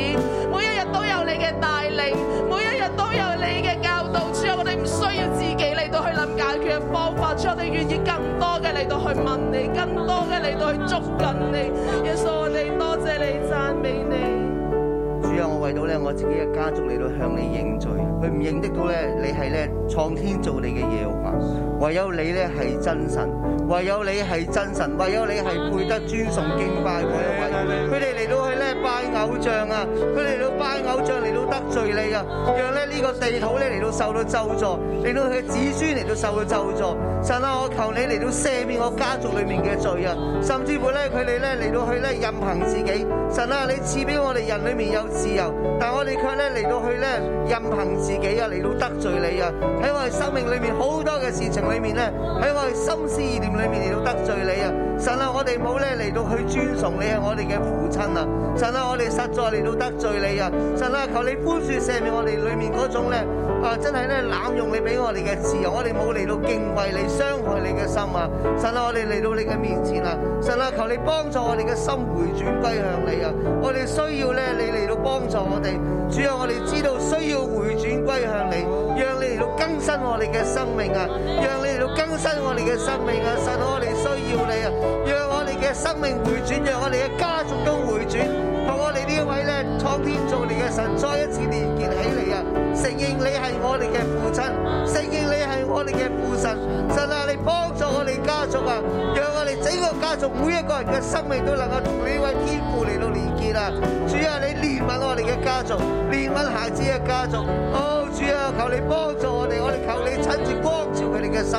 [SPEAKER 7] 每一日都有你嘅帶領，每一日都有你嘅教導，主啊，我哋唔需要自己嚟到去諗解決嘅方法，主，我哋願意更多嘅嚟到去問你，更多嘅嚟到去捉緊你，耶穌我哋多謝你，讚美你。
[SPEAKER 8] 我為到咧我自己嘅家族嚟到向你認罪，佢唔認得到咧，你係咧創天造地嘅耶和華，唯有你咧係真神，唯有你係真神，唯有你係配得尊崇敬拜嗰一位。佢哋嚟到去。拜偶像啊！佢哋嚟到拜偶像嚟到得罪你啊！讓咧呢個地土咧嚟到受到咒助，令到佢嘅子孫嚟到受到咒助。神啊，我求你嚟到赦免我家族裏面嘅罪啊！甚至乎咧，佢哋咧嚟到去咧任憑自己。神啊，你賜俾我哋人裏面有自由，但我哋卻咧嚟到去咧任憑自己啊！嚟到得罪你啊！喺我哋生命裏面好多嘅事情裏面咧，喺我哋心思意念裏面嚟到得罪你啊！神啊，我哋冇咧嚟到去尊崇你，係我哋嘅父親啊！神啊，我哋實在嚟到得罪你啊！神啊，求你寬恕赦免我哋裏面種咧啊，真係咧濫用你俾我哋嘅自由，我哋冇嚟到敬畏你、傷害你嘅心啊！神啊，我哋嚟到你嘅面前啊！神啊，求你幫助我哋嘅心回轉歸向你啊！我哋需要咧你嚟到幫助我哋，主要我哋知道需要回轉歸向你，讓你嚟到更新我哋嘅生命啊！讓你嚟到更新我哋嘅生命啊！神啊，我哋。叫你啊！讓我哋嘅生命回轉，讓我哋嘅家族都回轉，同我哋呢一位咧創天造地嘅神再一次連結起嚟啊！承認你係我哋嘅父親，承認你係我哋嘅父神，神啊！你幫助我哋家族啊！讓我哋整個家族每一個人嘅生命都能夠同呢位天父嚟到連結啊！主啊！你憐憫我哋嘅家族，憐憫孩子嘅家族，好、哦、主啊！求你幫助我哋，我哋求你親自光。嘅心，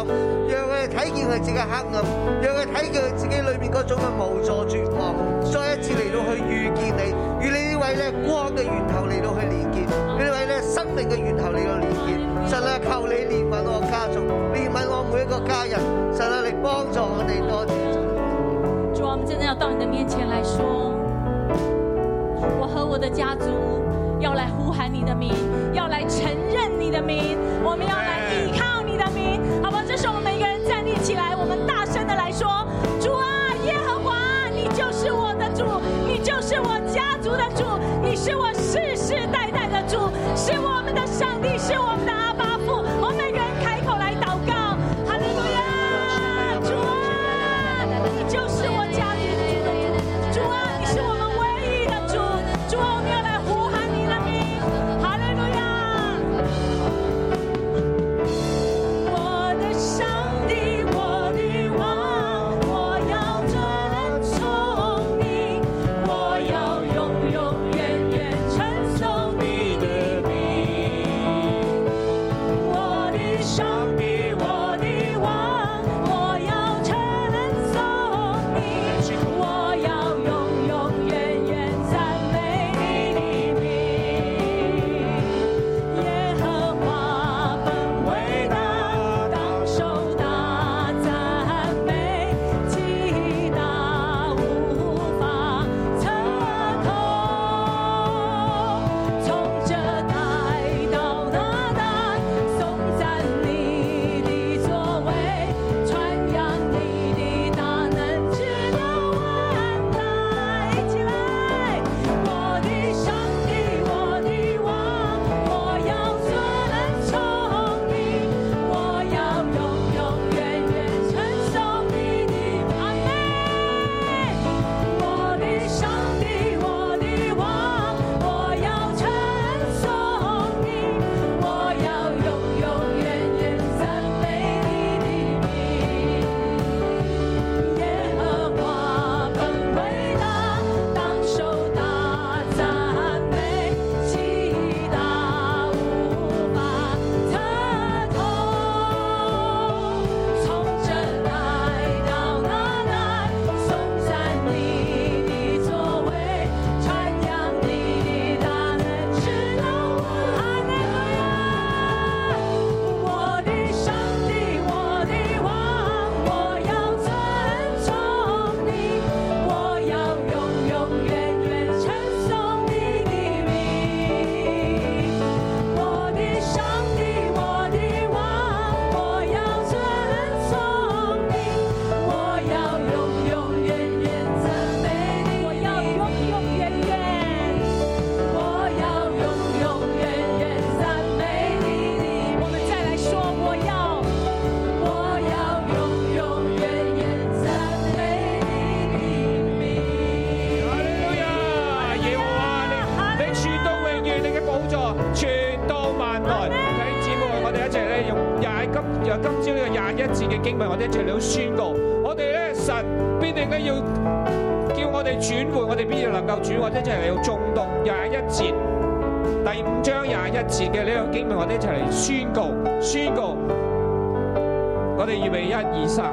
[SPEAKER 8] 讓佢哋睇見佢自己黑暗，讓佢睇見佢自己裏面嗰種嘅無助絕望，再一次嚟到去遇見你，與你呢位咧光嘅源頭嚟到去連接，啊、你呢位咧生命嘅源頭嚟到連接。神啊，求你憐憫我家族，憐憫我每一個家人。神啊，嚟幫助我哋多啲。主，我們真的要到你的面前來說，我和
[SPEAKER 5] 我的家族要來呼喊你的名，要來承認你的名，我們要來。
[SPEAKER 6] 宣告，我哋咧神必定咧要叫我哋轉換，我哋必要能夠轉換，我一齊嚟到中毒廿一節，第五章廿一節嘅呢個經文，我哋一齊嚟宣告，宣告，我哋預備一二三。1, 2,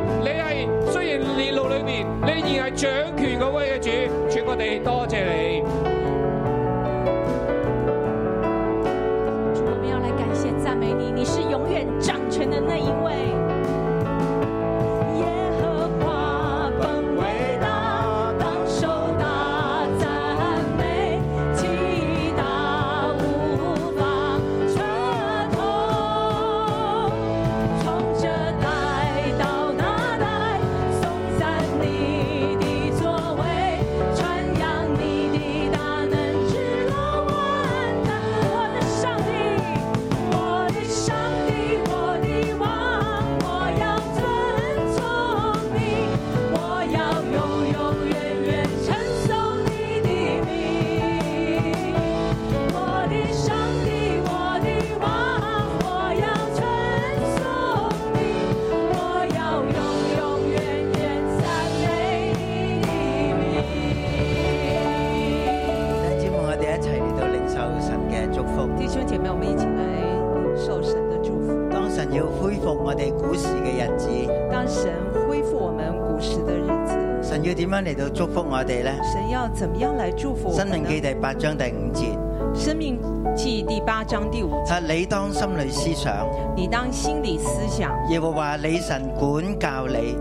[SPEAKER 1] 要怎麼
[SPEAKER 2] 樣來祝福我？《生命記》第八章第五節，《生命記》第八章第五節，你當心裏思想，你當心裏思想，耶和華你神管教你，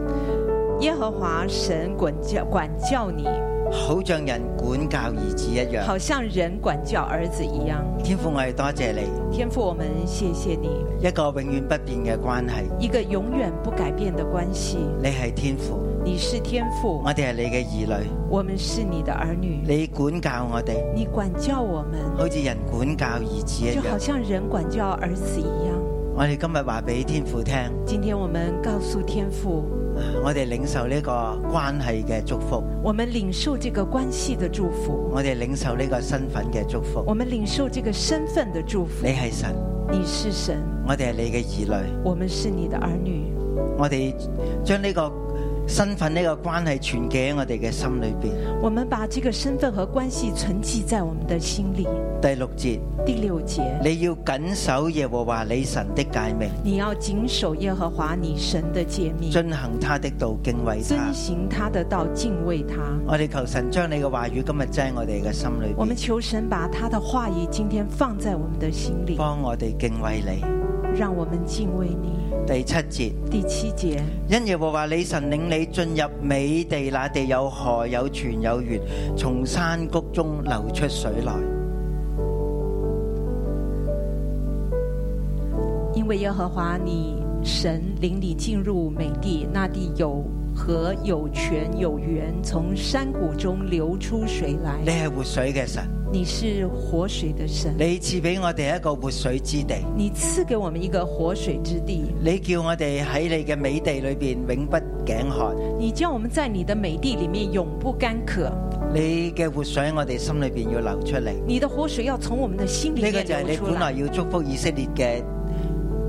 [SPEAKER 2] 耶和華神管教管教你，好像人管教兒子一樣，好
[SPEAKER 1] 像人管教兒子一樣。
[SPEAKER 2] 天父，我係多謝你，
[SPEAKER 1] 天父，我們謝謝你，
[SPEAKER 2] 一個永遠不變嘅關係，
[SPEAKER 1] 一個永遠不改變的關
[SPEAKER 2] 係，你係天父。你
[SPEAKER 1] 是天父，我
[SPEAKER 2] 哋係你嘅兒女，我們是你的兒女，你管教我哋，你
[SPEAKER 1] 管教我們，
[SPEAKER 2] 好似人管教兒子一樣，就好
[SPEAKER 1] 像人管教兒子一樣。
[SPEAKER 2] 我哋今日話俾天父聽，
[SPEAKER 1] 今天我們告訴天父，
[SPEAKER 2] 我哋領受呢個關係嘅祝福，我們領受這個關係嘅祝福，我哋領受呢個身份嘅祝福，我們領受這個身份嘅祝福。你係神，你是神，我哋係你嘅兒女，我
[SPEAKER 1] 們是你的兒女，
[SPEAKER 2] 我哋將呢個。身份呢個關係存記喺我哋嘅心裏邊。我們把這個身份和關係存記在我們的心裏。第六節。第六節。你要緊守耶和華你神的誡命。
[SPEAKER 1] 你要謹守耶和華你神的誡命。
[SPEAKER 2] 遵行他的道，敬畏他。遵
[SPEAKER 1] 行他的道，敬畏他。
[SPEAKER 2] 我哋求神將你嘅話語今日喺我哋嘅心裏。我們求神把他的話語今天放在我們的心裏。幫我哋敬畏你。讓我們敬畏你。第七節，第七節，因耶和華你神領你進入美地，那地有河有泉有源，從山谷中流出水來。
[SPEAKER 1] 因為耶和華你神領你進入美地，那地有河有泉有源，從山谷中流出水來。你
[SPEAKER 2] 係活水嘅神。
[SPEAKER 1] 你是活水的神，
[SPEAKER 2] 你賜俾我哋一個活水之地。你賜給我們一個活水之地。你叫我哋喺你嘅美地裏邊永不頸渴。
[SPEAKER 1] 你叫我們在你嘅美地裏面永不乾渴。
[SPEAKER 2] 你嘅活水我哋心裏邊要流出嚟。你的活水要從我們嘅心裏面流出嚟。呢個就係你本來要祝福以色列嘅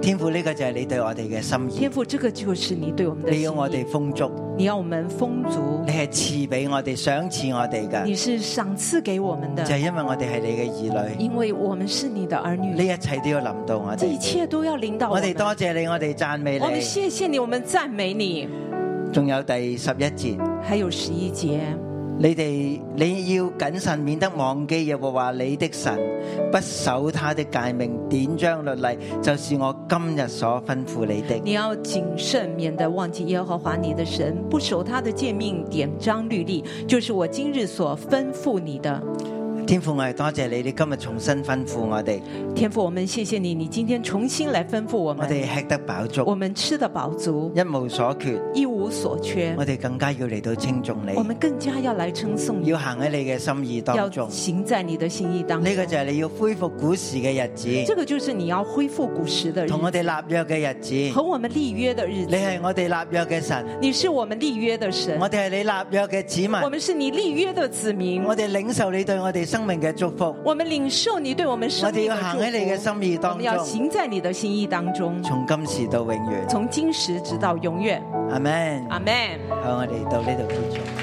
[SPEAKER 2] 天父呢個就係你對我哋嘅心意。天父，這個就是你對我哋嘅心意。父，這個，你要我哋豐足，你，風燭，
[SPEAKER 1] 你要我們豐足。
[SPEAKER 2] 你係賜俾我哋，賞賜我哋嘅。你
[SPEAKER 1] 是賞賜給我們的，就係因為
[SPEAKER 2] 我哋係你嘅兒女。因
[SPEAKER 1] 為我們是你的兒女，呢
[SPEAKER 2] 一切都要臨到我哋。這一切
[SPEAKER 1] 都要領導我們。我哋多
[SPEAKER 2] 謝你，我哋讚美你。我哋謝
[SPEAKER 1] 謝你，我們讚美你。
[SPEAKER 2] 仲有第十一節，還有十一節。你哋，你要謹慎，免得忘記耶和華你的神，不守他的誡命、典章律例，就是我今日所吩咐你的。
[SPEAKER 1] 你要謹慎，免得忘記耶和華你的神，不守他的誡命、典章律例，就是我今日所
[SPEAKER 2] 吩咐你的。天父，我哋多謝你，你今日重新吩咐我哋。天父，我們謝謝你，你今天重新來吩咐我們。我哋吃得飽足，我們吃得飽足，飽足一無所缺，一無所缺。我哋更加要嚟到稱頌你，我們
[SPEAKER 1] 更加要嚟稱頌你。要，你要
[SPEAKER 2] 行喺你嘅心意當中，行在你嘅心意當中。呢個就係你要恢復古時嘅日子，這個就是你要恢復古時的日子，同我哋立約嘅日子，和我們立約嘅日子。你係我哋立約嘅神，你係我們立約嘅神。我哋係你立約嘅子民，我們是你立約的子民。我哋領受你對我哋。生命嘅祝福，我們領受你對我們生命嘅祝福。我哋要行喺你嘅心意當中，我們要行
[SPEAKER 1] 在你的心意當中，
[SPEAKER 2] 從今時到永遠，
[SPEAKER 1] 從今時直到永遠。阿門，阿門。好，我哋到呢度結束。